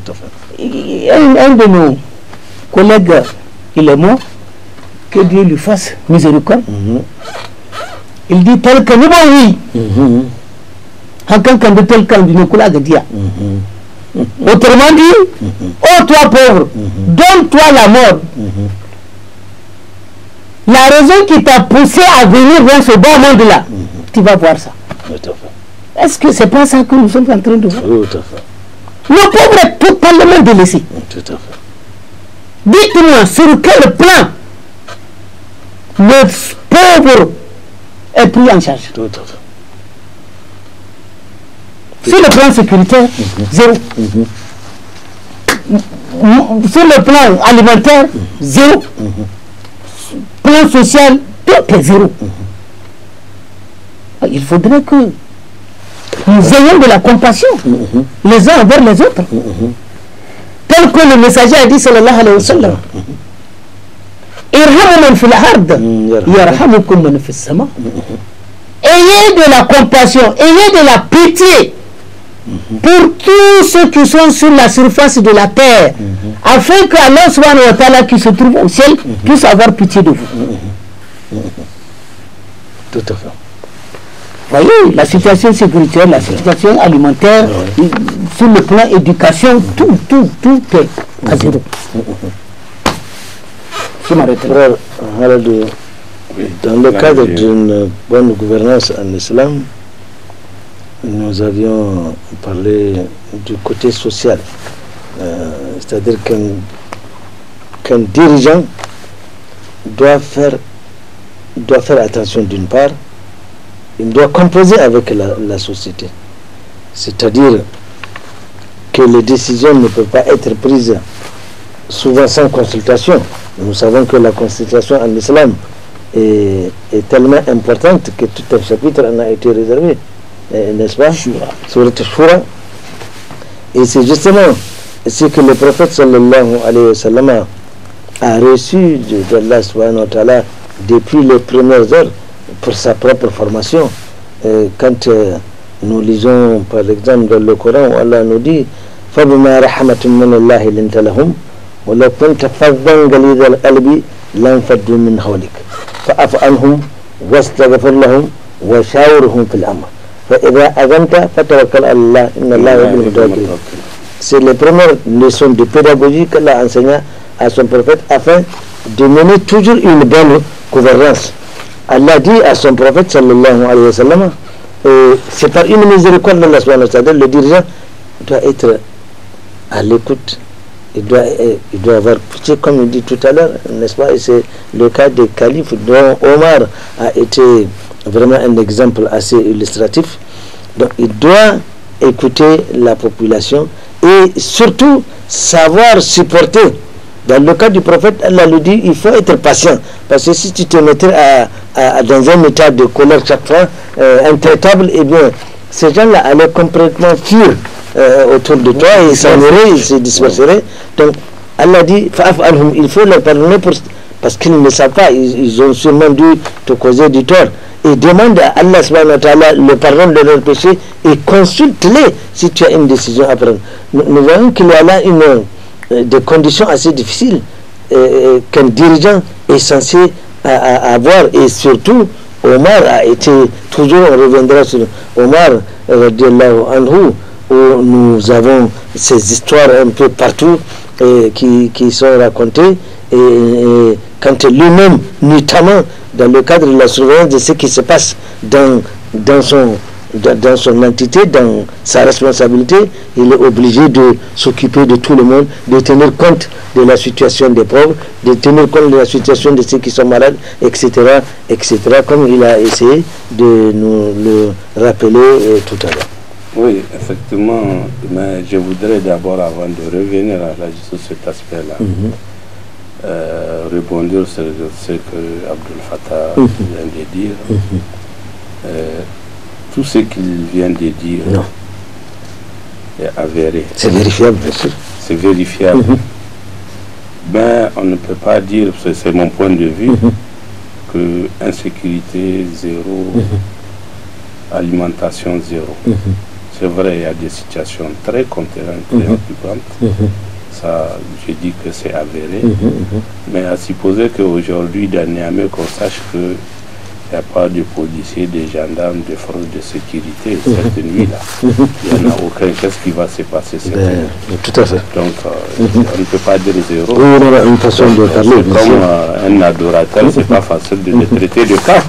Tout à fait. Un, de nos collègues, il est mort. Que Dieu lui fasse miséricorde. Mhm. Il dit tel que nous, oui. Mhm. En quelqu'un de tel camp, du Nokula dire. » Autrement dit, mm-hmm. ô toi pauvre, mm-hmm. donne-toi la mort. Mm-hmm. La raison qui t'a poussé à venir dans ce bon monde-là, tu vas voir ça. Est-ce que c'est pas ça que nous sommes en train de voir Tout à fait. Le pauvre est totalement délaissé. Tout à fait. Dites-moi sur quel plan le pauvre est pris en charge. Tout à fait. Sur le plan sécuritaire, zéro. Sur le plan alimentaire, zéro. Plan social, tout est zéro. Ah, il faudrait que nous ayons de la compassion les uns envers les autres. Tel que le messager a dit, sallallahu alayhi wa sallam, Ayez de la compassion, ayez de la pitié Mhm. pour tous ceux qui sont sur la surface de la terre, mhm. afin que Allah subhanahu wa ta'ala qui se trouve au ciel mhm. puisse avoir pitié de vous. Tout à fait. Voyez, la situation sécuritaire, la situation alimentaire, sur le plan éducation, tout, tout, tout est à zéro. Je m'arrête Dans le cadre d'une bonne gouvernance en islam, nous avions parlé du côté social. Euh, c'est-à-dire qu'un dirigeant doit faire, doit faire attention d'une part, il doit composer avec la, société. C'est-à-dire que les décisions ne peuvent pas être prises souvent sans consultation. Nous savons que la consultation en islam est, est tellement importante que tout un chapitre en a été réservé. نسبة سورة الشورى إيسي جسنا سيكي لبروفت صلى الله عليه وسلم أرسي جد الله سبحانه وتعالى depuis le premier jour pour sa propre formation euh, quand euh, nous lisons par exemple dans le Coran Allah nous dit فبما رحمة من الله لنت لهم ولو كنت فظا غليظ القلب لانفضوا من حولك فأف واستغفر لهم وشاورهم في الأمر C'est les premières leçons de pédagogie que l'a enseigné à son prophète afin de mener toujours une bonne gouvernance. Allah dit à son prophète sallallahu alayhi wa sallam, euh, c'est par une miséricorde d'Allah wa le dirigeant doit être à l'écoute. Il doit, euh, il doit avoir pitié, comme il dit tout à l'heure, n'est-ce pas Et c'est le cas des califes dont Omar a été vraiment un exemple assez illustratif. Donc il doit écouter la population et surtout savoir supporter. Dans le cas du prophète, Allah lui dit il faut être patient. Parce que si tu te mettais à, dans un état de colère chaque fois, euh, intraitable, eh bien, ces gens-là allaient complètement fuir euh, autour de toi et s'en ils se disperseraient. Donc, Allah dit il faut leur pardonner parce qu'ils ne savent pas, ils, ils ont sûrement dû te causer du tort et demande à Allah subhanahu le pardon de leurs péchés et consulte-les si tu as une décision à prendre. Nous, voyons qu'il y a là une, euh, des conditions assez difficiles euh, euh, qu'un dirigeant est censé avoir et surtout Omar a été, toujours on reviendra sur Omar anhu, où nous avons ces histoires un peu partout et qui, qui sont racontées et quand lui-même, notamment dans le cadre de la surveillance de ce qui se passe dans, dans, son, dans, son entité, dans sa responsabilité, il est obligé de s'occuper de tout le monde, de tenir compte de la situation des pauvres, de tenir compte de la situation de ceux qui sont malades, etc., etc., comme il a essayé de nous le rappeler euh, tout à l'heure. Oui, effectivement, mais je voudrais d'abord, avant de revenir à la, sur cet aspect-là, mm-hmm répondre euh, rebondir ce que Abdel Fattah mhm. vient de dire. Mhm. Euh, tout ce qu'il vient de dire non. est avéré. C'est vérifiable, bien C'est vérifiable. mais mhm. ben, on ne peut pas dire, c'est mon point de vue, que insécurité zéro, alimentation zéro. C'est vrai, il y a des situations très contraintes, très ça, j'ai dit que c'est avéré. Mhm, mhm. Mais à supposer qu'aujourd'hui, dans Niamey, qu'on sache que il n'y a pas de policiers, de gendarmes, de forces de sécurité mhm. cette nuit-là. Il n'y en a aucun. Qu'est-ce qui va se passer cette ben, nuit Tout à fait. Donc, euh, on ne peut pas dire zéro. on a Comme euh, un adorateur, n'est pas facile de le traiter de cas.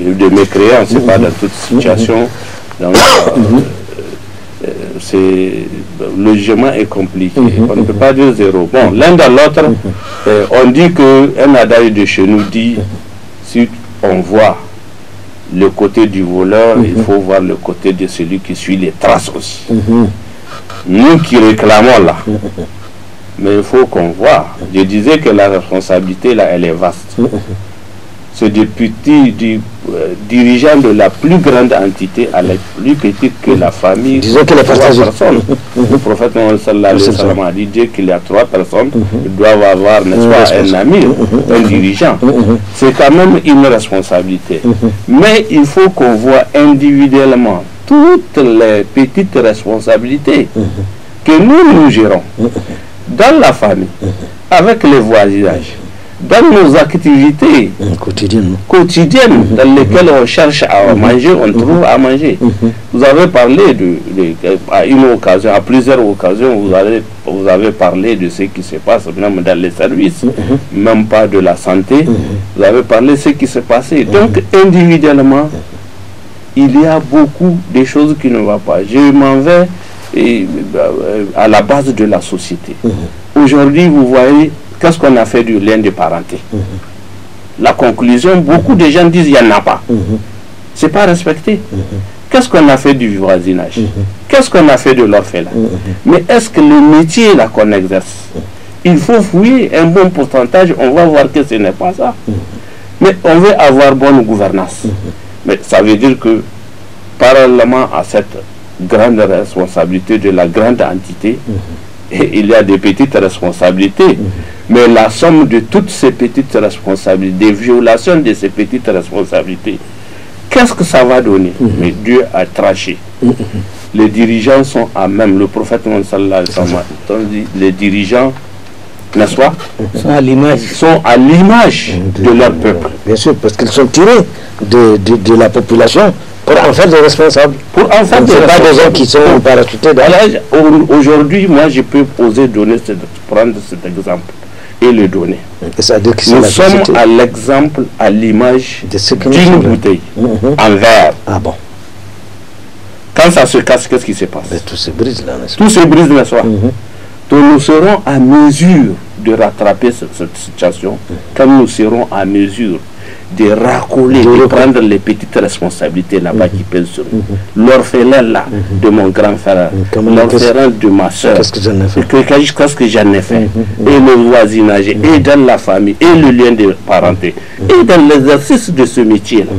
de de ce n'est pas dans toute situation. Euh, c'est le jugement est compliqué. Mhm. On ne peut pas dire zéro. Bon, mhm. l'un dans l'autre, mhm. euh, on dit qu'un adage de chez nous dit si on voit le côté du voleur, il faut voir le côté de celui qui suit les traces aussi. Nous qui réclamons là, mais il faut qu'on voit. Je disais que la responsabilité là, elle est vaste ce député du euh, dirigeant de la plus grande entité à la plus petite que la famille. Disons qu'il a personnes. Mm-hmm. le prophète Mohammed a dit qu'il y a trois personnes mm-hmm. qui doivent avoir, n'est-ce pas, un ami, mm-hmm. un dirigeant. C'est quand même une responsabilité. Mais il faut qu'on voit individuellement toutes les petites responsabilités que nous, nous gérons dans la famille, avec les voisinages dans nos activités hein, quotidiennes, mhm. dans lesquelles on cherche à mhm. manger, on trouve mhm. à manger. Vous avez parlé de, à une occasion, à plusieurs occasions, vous avez, vous avez parlé de ce qui se passe même dans les services, même pas de la santé. Vous avez parlé de ce qui se passait. Donc individuellement, il y a beaucoup de choses qui ne vont pas. Je m'en vais euh, à la base de la société. Aujourd'hui, vous voyez Qu'est-ce qu'on a fait du lien de parenté La conclusion, beaucoup de gens disent qu'il n'y en a pas. Ce n'est C'est pas respecté. Qu'est-ce qu'on a fait du voisinage Qu'est-ce qu'on a fait de l'orphelin Mais est-ce que le métier qu'on exerce, il faut fouiller un bon pourcentage, on va voir que ce n'est pas ça. Mais on veut avoir bonne gouvernance. Mais ça veut dire que, parallèlement à cette grande responsabilité de la grande entité, il y a des petites responsabilités. Mais la somme de toutes ces petites responsabilités, des violations de ces petites responsabilités, qu'est-ce que ça va donner mm-hmm. Mais Dieu a traché. Mm-hmm. Les dirigeants sont à même. Le prophète Mohammed mm-hmm. les dirigeants, n'est-ce pas Sont à l'image. Sont à l'image de, leur peuple. Bien sûr, parce qu'ils sont tirés de, la population pour en faire des responsables. Pour en faire des pas des gens qui sont parachutés. Aujourd'hui, moi, je peux poser, donner, prendre cet exemple et le donner. Nous sommes à l'exemple, à l'image d'une bouteille mm-hmm. en verre. Ah bon Quand ça se casse, qu'est-ce qui se passe Tout se brise là, n'est-ce Tout se brise, n'est-ce mm-hmm. Donc nous serons à mesure de rattraper cette, situation mm. quand nous serons à mesure de racoler, de prendre les petites responsabilités là-bas qui pèsent sur nous. Mhm. L'orphelin là, mhm. de mon grand frère, mhm. l'orphelin de ma soeur, qu'est-ce que j'en ai fait, et le voisinage, et dans la famille, et le lien de parenté, et dans l'exercice de ce métier là.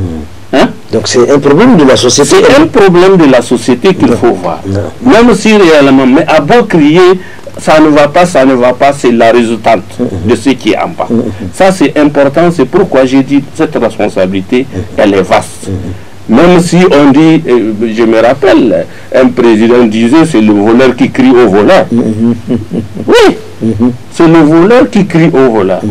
Hein? Donc c'est un problème de la société. C'est un problème de la société qu'il faut voir. Même si réellement, mais à beau crier, ça ne va pas, ça ne va pas, c'est la résultante de ce qui est en bas. Ça, c'est important, c'est pourquoi j'ai dit cette responsabilité, elle est vaste. Même si on dit, euh, je me rappelle, un président disait, c'est le voleur qui crie au voleur. Oui, c'est le voleur qui crie au voleur.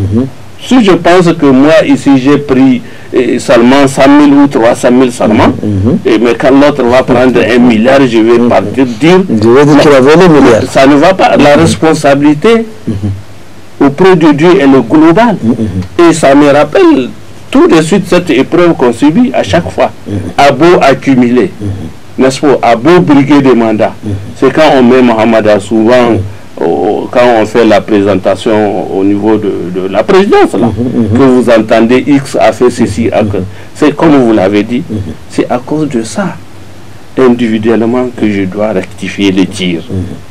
Si je pense que moi, ici, j'ai pris eh, seulement 100 000 ou 300 000 seulement, mhm. et, eh, mais quand l'autre va prendre un milliard, je vais mhm. partir dire... Je vais dire le milliard. Ça ne va pas. La mhm. responsabilité auprès de Dieu, est le global, Et ça me rappelle tout de suite cette épreuve qu'on subit à chaque fois. À beau accumuler, n'est-ce pas À beau briguer des mandats. C'est quand on met Mohamed souvent quand on fait la présentation au niveau de, la présidence, mhm, mhm. que vous entendez X a fait ceci, mhm. c'est comme vous l'avez dit, c'est à cause de ça individuellement que je dois rectifier les tirs.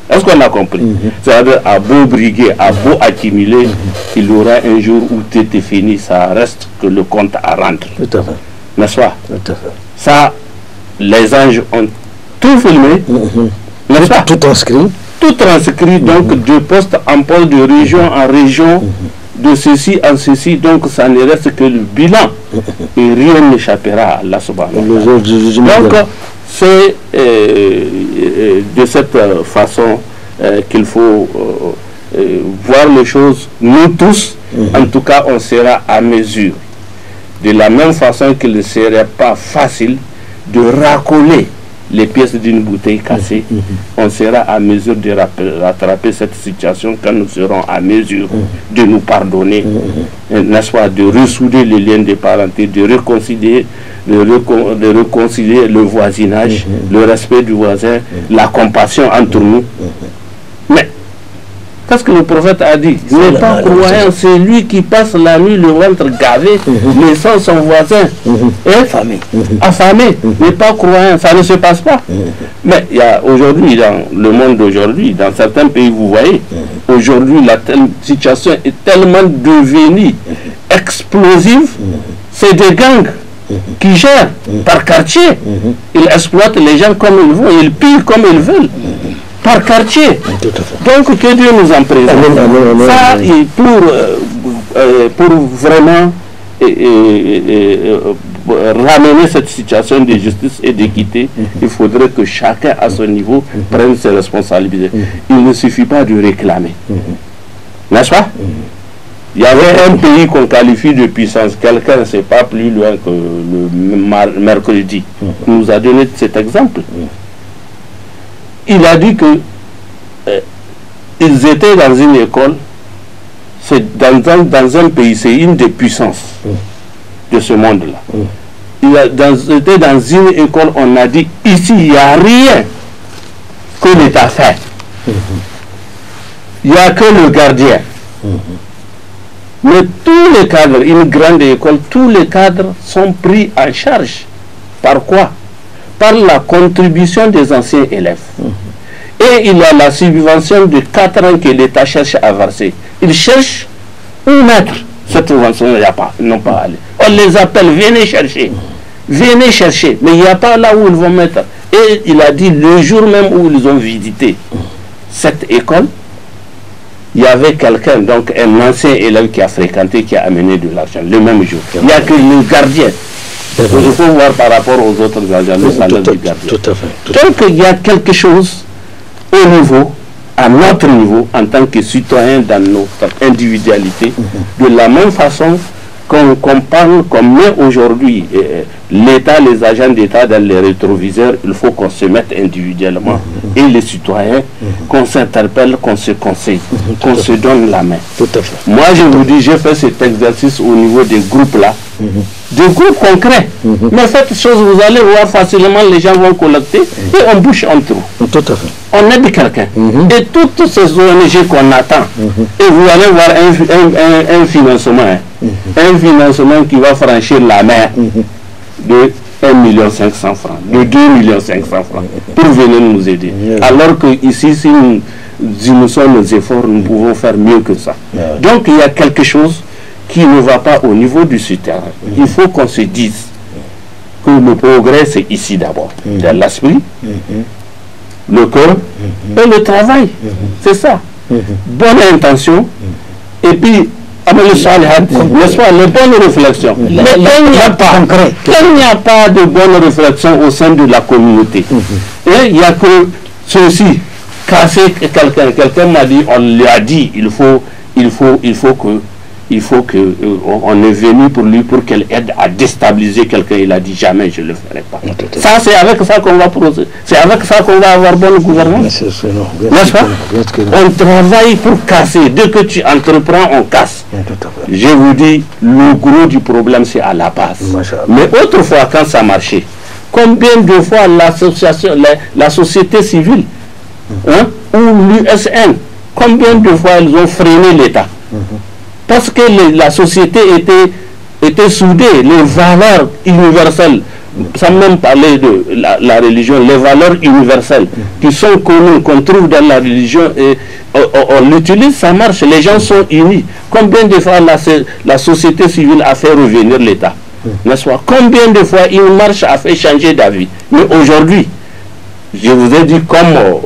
Est-ce qu'on a compris C'est-à-dire, à beau briguer, à beau accumuler, il y aura un jour où tout est fini, ça reste que le compte à rendre. N'est-ce pas Ça, les anges ont tout filmé, n'est-ce pas Tout inscrit tout transcrit donc mhm. de poste en poste, de région mhm. en région, mhm. de ceci en ceci, donc ça ne reste que le bilan. Et rien n'échappera à la subhanahu Donc c'est euh, euh, de cette euh, façon qu'il faut voir les choses. Nous tous, en tout cas, on sera à mesure. De la même façon qu'il ne serait pas facile de racoler les pièces d'une bouteille cassée. Mm-hmm. Mm-hmm. On sera à mesure de rattraper cette situation quand nous serons à mesure mm-hmm. de nous pardonner, n'est-ce pas, de ressouder les liens de parenté, de réconcilier, de, de réconcilier le voisinage, le respect du voisin, la compassion entre nous. Mais parce que le prophète a dit, n'est pas croyant c'est lui qui passe la nuit le ventre gavé, mhm. mais sans son voisin, mhm. affamé. Mhm. Affamé, n'est pas croyant, ça ne se passe pas. Mais il y a aujourd'hui, dans le monde d'aujourd'hui, dans certains pays, vous voyez, aujourd'hui, la situation est tellement devenue explosive, c'est des gangs qui gèrent par quartier. Ils exploitent les gens comme ils veulent, ils pillent comme ils veulent quartier. Donc que Dieu nous en présente. Ça, pour, euh, euh, pour vraiment et, euh, ramener cette situation de justice et d'équité, il faudrait que chacun à son niveau prenne ses responsabilités. Mm-hmm. Il ne suffit pas de réclamer. Mm-hmm. N'est-ce pas mm-hmm. il y avait un pays qu'on qualifie de puissance. Quelqu'un, c'est pas plus loin que le mercredi. Nous a donné cet exemple il a dit que euh, ils étaient dans une école, c'est dans, un pays, c'est une des puissances de ce monde-là. Il dans, était dans une école, on a dit ici, il n'y a rien que l'État fait. Il n'y a que le gardien. Mais tous les cadres, une grande école, tous les cadres sont pris en charge. Par quoi par la contribution des anciens élèves. Mhm. Et il y a la subvention de 4 ans que l'État cherche à verser. Il cherche où mettre cette subvention, il n'y a pas, ils n'ont pas allé. On les appelle, venez chercher, mhm. venez chercher, mais il n'y a pas là où ils vont mettre. Et il a dit, le jour même où ils ont visité cette école, il y avait quelqu'un, donc un ancien élève qui a fréquenté, qui a amené de l'argent, le même jour. Il n'y a que le gardien il faut voir par rapport aux autres agents de salaire du Tout Tant qu'il y a quelque chose au niveau, à notre niveau, en tant que citoyen dans notre individualité, mhm. de la même façon qu'on parle, qu'on met aujourd'hui euh, l'État, les agents d'État dans les rétroviseurs, il faut qu'on se mette individuellement mhm. et les citoyens, mhm. qu'on s'interpelle, qu'on se conseille, qu'on se donne la main. Tout à fait. Moi, je vous dis, j'ai fait cet exercice au niveau des groupes-là. Mhm. des groupes concrets mhm. Mais cette chose, vous allez voir facilement, les gens vont collecter mhm. et on bouche entre. Tout On aide quelqu'un. de toutes ces ONG qu'on attend, et vous allez voir un, financement, hein. un financement qui va franchir la mer de 1 million 500 francs, de 2 millions 500 francs, pour venir nous aider. Alors que ici, si nous sommes nos efforts, nous pouvons faire mieux que ça. Donc il y a quelque chose qui ne va pas au niveau du soutien, il faut qu'on se dise que le progrès, c'est ici d'abord, mm-hmm. dans l'esprit, mm-hmm. le corps mm-hmm. et le travail. C'est ça. Bonne intention et puis n'est-ce pas, les bonnes réflexions. Mais il n'y a pas, a pas de bonnes réflexions au sein de la communauté. Et il n'y a que ceci, ci quelqu'un, quelqu'un m'a dit, on lui a dit, il faut, il faut, il faut que il faut que euh, on est venu pour lui pour qu'elle aide à déstabiliser quelqu'un. Il a dit jamais je le ferai pas. ça c'est avec ça qu'on va C'est avec ça qu'on va avoir bonne gouvernance. On travaille pour casser. Dès que tu entreprends, on casse. je vous dis, le gros du problème c'est à la base. Mais autrefois quand ça marchait, combien de fois l'association, la, société civile mm-hmm. hein, ou l'USN, combien de fois ils ont freiné l'État. Mm-hmm parce que la société était, était soudée, les valeurs universelles, sans même parler de la, religion, les valeurs universelles qui sont communes, qu'on trouve dans la religion, et on, l'utilise, ça marche, les gens sont unis. Combien de fois la, société civile a fait revenir l'État N'est-ce Combien de fois une marche a fait changer d'avis Mais aujourd'hui, je vous ai dit comme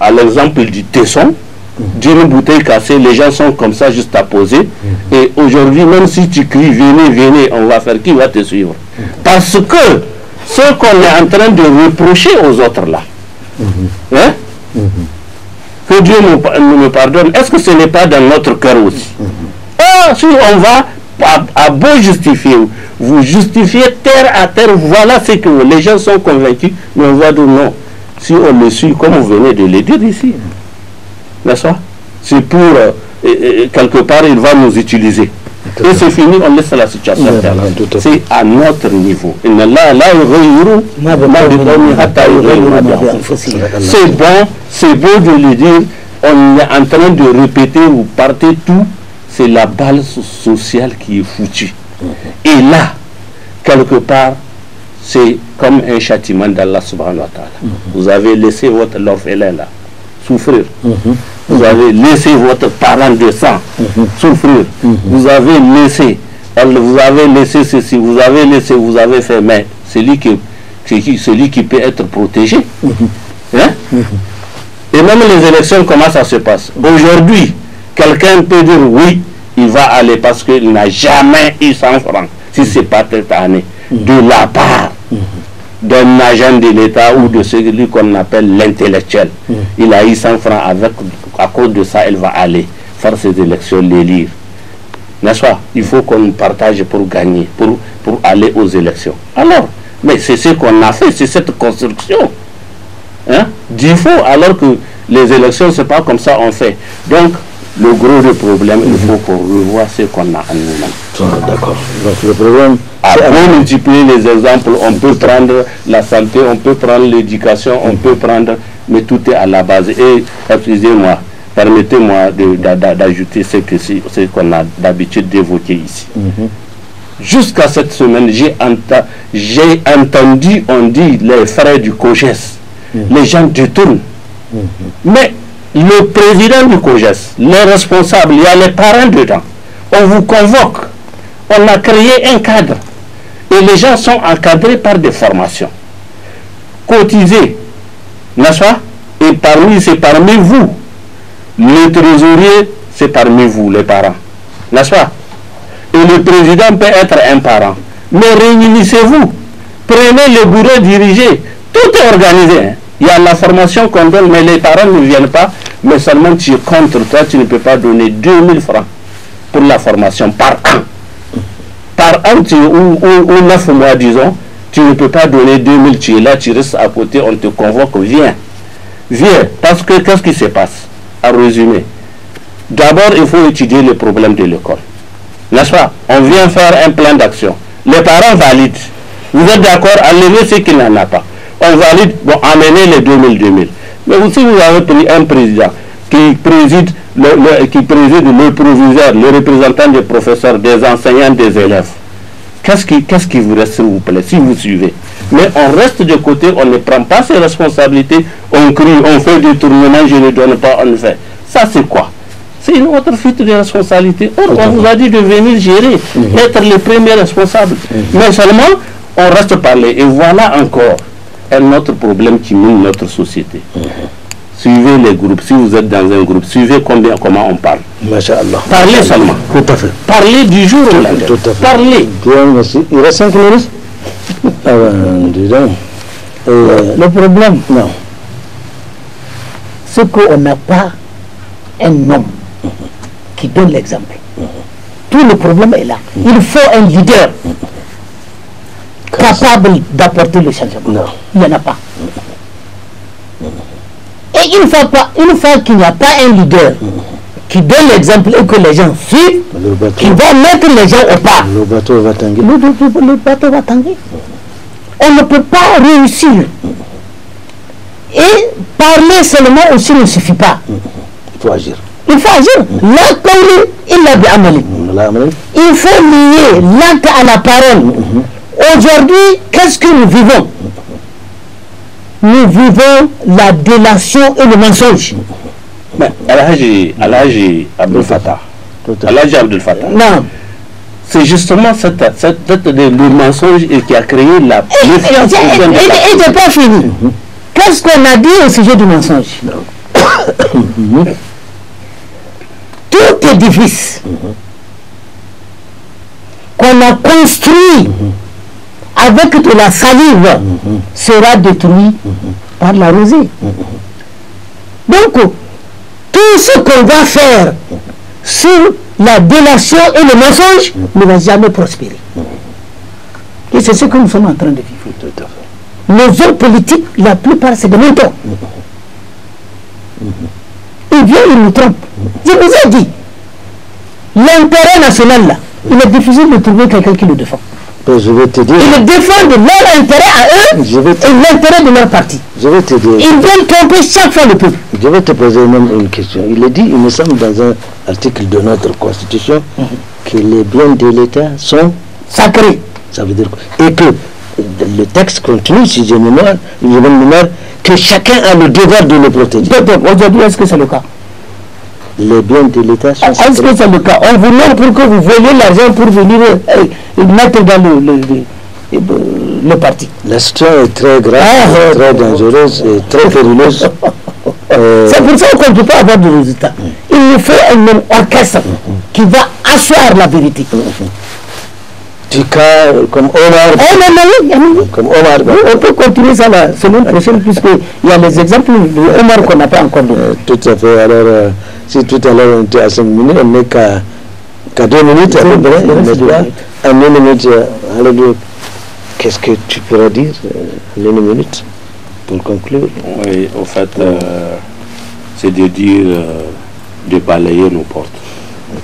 à l'exemple du Tesson, d'une bouteille cassée, les gens sont comme ça juste à poser. Et aujourd'hui, même si tu cries, venez, venez, on va faire, qui va te suivre Parce que ce qu'on est en train de reprocher aux autres là, Hein? que Dieu nous, pardonne, est-ce que ce n'est pas dans notre cœur aussi Ah, si on va à, beau justifier, vous justifiez terre à terre, voilà ce que les gens sont convaincus, mais on va dire non. Si on le suit, comme vous venez de le dire ici, n'est-ce C'est pour, euh, quelque part, il va nous utiliser. et c'est fini, on laisse la situation C'est à notre niveau. C'est bon, c'est beau de lui dire, on est en train de répéter ou partez tout, c'est la balle sociale qui est foutue. Mm-hmm. Et là, quelque part, c'est comme un châtiment d'Allah subhanahu wa ta'ala. Mm-hmm. Vous avez laissé votre love là souffrir. Vous avez laissé votre parent de sang souffrir. Mhm. Vous avez laissé, vous avez laissé ceci, vous avez laissé, vous avez fait, mais celui qui, celui qui peut être protégé. Mhm. Hein? Mhm. Et même les élections, comment ça se passe Aujourd'hui, quelqu'un peut dire oui, il va aller parce qu'il n'a jamais eu 100 francs, si ce n'est pas cette année, de la part d'un agent de l'État ou de celui qu'on appelle l'intellectuel. Mm. Il a eu 100 francs avec, à cause de ça, elle va aller faire ses élections, les lire. N'est-ce pas Il faut qu'on partage pour gagner, pour, pour aller aux élections. Alors, mais c'est ce qu'on a fait, c'est cette construction. Hein? Du faux, alors que les élections, c'est pas comme ça on fait. Donc, le gros problème, il faut qu'on revoie ce qu'on a en nous-mêmes. Ah, d'accord. le problème, multiplier les exemples, on peut prendre la santé, on peut prendre l'éducation, on peut prendre, mais tout est à la base. Et excusez-moi, permettez-moi d'ajouter ce qu'on ce qu'on a d'habitude d'évoquer ici. Mhm. Jusqu'à cette semaine, j'ai entendu, on dit, les frères du COGES. Mhm. Les gens détournent. Mhm. Mais le président du COGES, les responsables, il y a les parents dedans. On vous convoque. On a créé un cadre. Et les gens sont encadrés par des formations. Cotisés, n'est-ce pas Et parmi, c'est parmi vous. Le trésorier, c'est parmi vous, les parents. N'est-ce pas Et le président peut être un parent. Mais réunissez-vous. Prenez le bureau dirigé. Tout est organisé. Hein. Il y a la formation qu'on donne, mais les parents ne viennent pas. Mais seulement tu es contre toi, tu ne peux pas donner 2000 francs pour la formation par an. Par an, tu, ou, mois, disons, tu ne peux pas donner 2000, tu es là, tu restes à côté, on te convoque, viens. Viens, parce que qu'est-ce qui se passe À résumer, d'abord, il faut étudier les problèmes de l'école. N'est-ce pas On vient faire un plan d'action. Les parents valident. Vous êtes d'accord à lever ce qu'il n'en a pas on valide, amener les 2000-2000. Mais aussi, vous avez pris un président qui préside le, qui préside le proviseur, le représentant des professeurs, des enseignants, des élèves. Qu'est-ce qui, quest qui vous reste, s'il vous plaît, si vous suivez Mais on reste de côté, on ne prend pas ses responsabilités, on crie, on fait des tournements, je ne donne pas, on le fait. Ça, c'est quoi C'est une autre fuite de responsabilité. on vous a dit de venir gérer, mhm. être les premiers responsables. Mhm. Mais seulement, on reste parler. Et voilà encore un autre problème qui mène notre société. Suivez les groupes. Si vous êtes dans un groupe, suivez combien, comment on parle. Masha'Allah. Parlez seulement. Tout à fait. Parlez du jour au lendemain. Tout à fait. Parlez. Il reste 5 minutes ah euh, le problème, non. C'est qu'on n'a pas un homme qui donne l'exemple. Tout le problème est là. Il faut un leader capable d'apporter le changement. Non. Il n'y en a pas. Et une fois, pas, une fois qu'il n'y a pas un leader qui donne l'exemple et que les gens suivent, qui va mettre les gens au pas, le bateau va tanguer. Le, bateau va tanguer. On ne peut pas réussir. Et parler seulement aussi ne suffit pas. Il faut agir. Il faut agir. il bien Il faut lier l'acte à la parole. Mhm. Aujourd'hui, qu'est-ce que nous vivons Nous vivons la délation et le mensonge. Mais Alhaji, Alhaji Abdel Fattah, Alhaji Abdel Fattah, non. c'est justement cette, cette, le mensonge qui a créé la et, pas fini. Qu'est-ce qu'on a dit au sujet du mensonge Tout édifice mhm. qu'on a construit avec de la salive mm-hmm. sera détruit mm-hmm. par la rosée. Mm-hmm. Donc, tout ce qu'on va faire sur la délation et le mensonge ne va jamais prospérer. Et c'est ce que nous sommes en train de vivre. Nos hommes politiques, la plupart, c'est des menteurs. Ils viennent ils nous trompent Je vous ai dit, l'intérêt national, là, il est difficile de trouver quelqu'un qui le défend je vais te dire. Ils défendent leur intérêt à eux et l'intérêt de leur parti. Je vais te dire. Ils veulent tromper chaque fois le peuple. Je vais te poser même une question. Il est dit, il me semble, dans un article de notre Constitution, mhm. que les biens de l'État sont sacrés. Ça veut dire quoi Et que le texte continue, si je me mémoire, que chacun a le devoir de le protéger. Aujourd'hui, est-ce que c'est le cas les biens de l'État sont ah, Est-ce que c'est le cas On vous demande pour que vous voliez l'argent pour venir euh, euh, mettre dans le, le, euh, parti. La situation est très grave, ah, très oh, oh, oh. dangereuse et très périlleuse. C'est pour ça qu'on ne peut pas avoir de résultat. Mm. Il nous faut un même orchestre mm, mm. qui va asseoir la vérité. Du cas, comme Omar. non, eh, non, comme Omar. on peut continuer ça la semaine prochaine, puisqu'il y a les exemples de Omar qu'on n'a pas encore donné. tout à fait. Alors, si tout à l'heure on était à 5 minutes, on n'est qu'à qu 2 minutes à peu euh, qu'est-ce que tu pourrais dire en euh, 1 minute pour conclure Oui, en fait, euh, c'est de dire de balayer nos portes.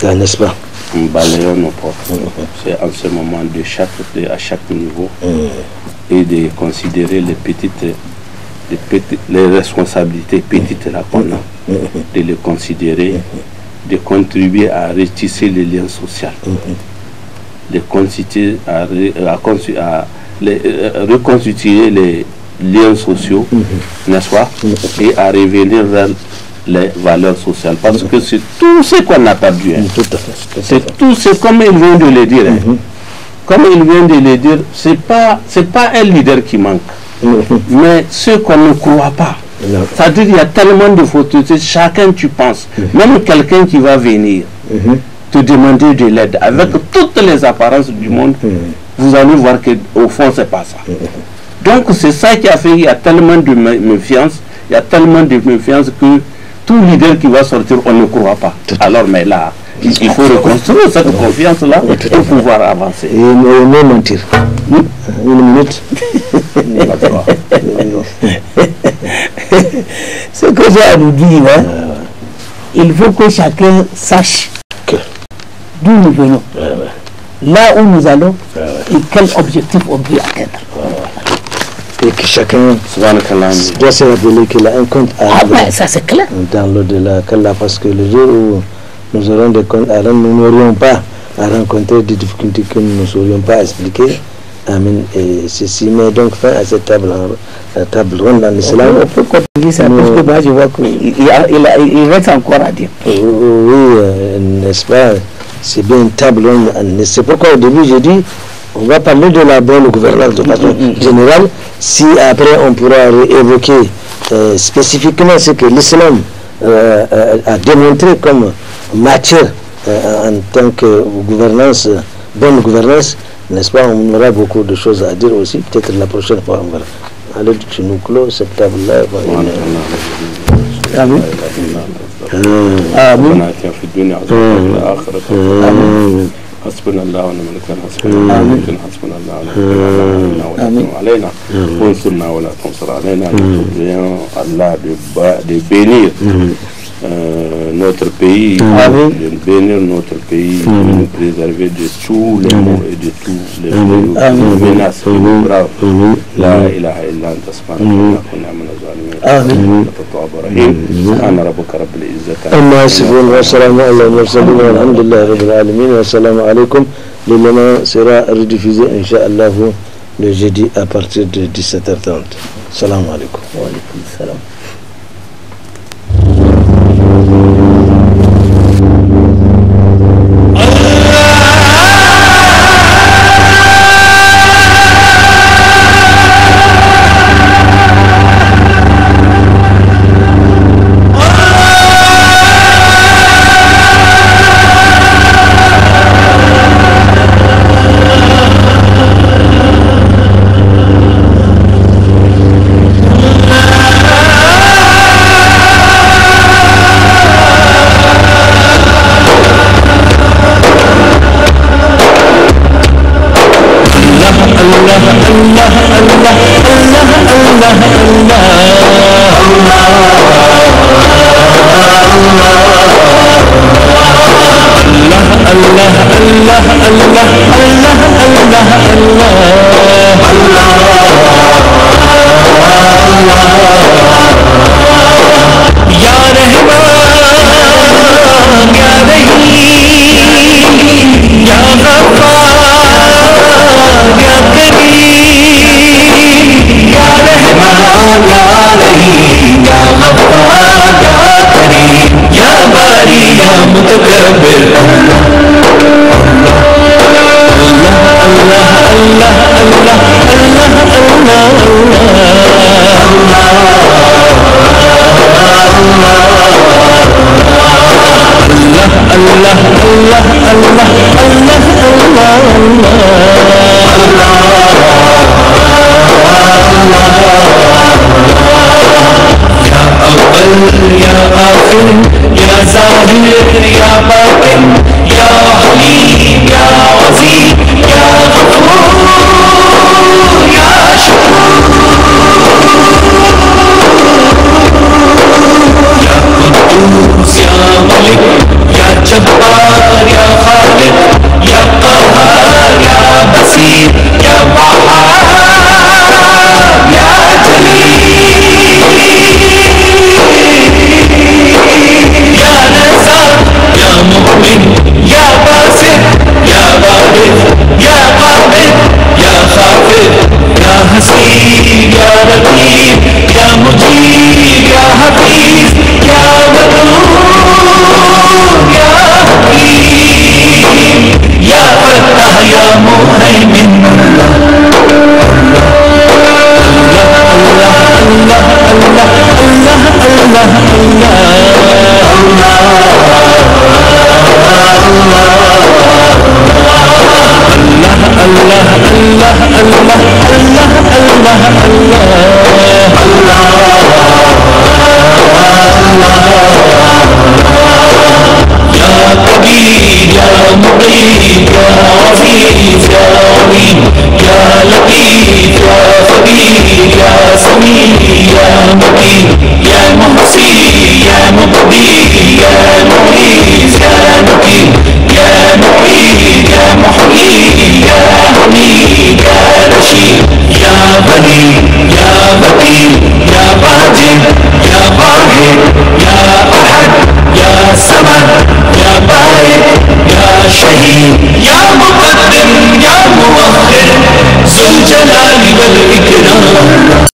Ah, n'est-ce pas Balayer nos portes. Mm-hmm. C'est en ce moment de chaque, à chaque niveau mm. et de considérer les petites les, responsabilités petites là qu'on de les considérer, de contribuer à retisser les liens sociaux, de constituer, à, euh, euh, euh, reconstituer les liens sociaux, n'est-ce pas, et à révéler les valeurs sociales. Parce que c'est tout ce qu'on a perdu. Hein. C'est tout ce, comme il vient de le dire. Hein. Mm-hmm. Comme il vient de le dire, c'est pas, pas un leader qui manque. Mm-hmm. Mais ce qu'on ne croit pas, ça à dire qu'il y a tellement de photos, chacun tu penses. Mm-hmm. Même quelqu'un qui va venir mm-hmm. te demander de l'aide avec mm-hmm. toutes les apparences du monde, vous allez voir qu'au fond, c'est pas ça. Donc c'est ça qui a fait qu'il y a tellement de méfiance, il y a tellement de méfiance que tout leader qui va sortir, on ne croit pas. Alors mais là, il faut reconstruire cette confiance-là pour pouvoir avancer. Et ne, mentir. Une minute. ce que j'ai à nous dire, hein, il faut que chacun sache d'où nous venons, là où nous allons et quel objectif on veut atteindre. Et que chacun doit se rappeler qu'il a un compte à ah, ben, ça clair. dans l'au-delà, parce que le jour où nous aurons des comptes à rendre, nous n'aurions pas à rencontrer des difficultés que nous ne saurions pas expliquer. Amen. Et ceci met donc fin à cette table, hein, table ronde dans l'islam. ça parce que je vois qu'il il, il reste encore à dire. Oui, euh, n'est-ce pas C'est bien une table ronde. Hein, c'est pourquoi au début j'ai dit on va parler de la bonne gouvernance de façon mm, mm, mm. générale. Si après on pourra évoquer euh, spécifiquement ce que l'islam euh, a démontré comme matière en tant que gouvernance, bonne gouvernance. N'est-ce pas On aura beaucoup de choses à dire aussi. Peut-être la prochaine fois, on Allez, tu nous cette table-là notre pays, de bénir notre pays, nous préserver de tous les et de tous les menaces sera jeudi à partir de 17h30. Salam alaikum. الله الله الله الله الله الله الله الله الله الله الله الله الله الله يا غافر يا زاهر يا باطن يا حليم يا عزيز يا غفور يا شكور يا قدوس يا ملك جبار یا خالق یا قہار یا بصیر یا یا یا یا یا یا یا یا یا یا یا جلیل مؤمن قابل خافر رقیب والسی یارتی مجھے حتیث يا فتاح يا مهيمن الله الله الله الله الله الله الله الله الله الله الله الله الله الله الله الله يا مقيت يا عزيز يا غني يا لطيف يا خبير يا سميع يا مقيت يا محسن يا مقضي يا معيز يا مقيم يا معيد يا محيي يا حميد يا رشيد يا غني يا متين يا باجد يا باهر يا احد يا سمد الشهيد يا مقدم يا مؤخر ذو الجلال والإكرام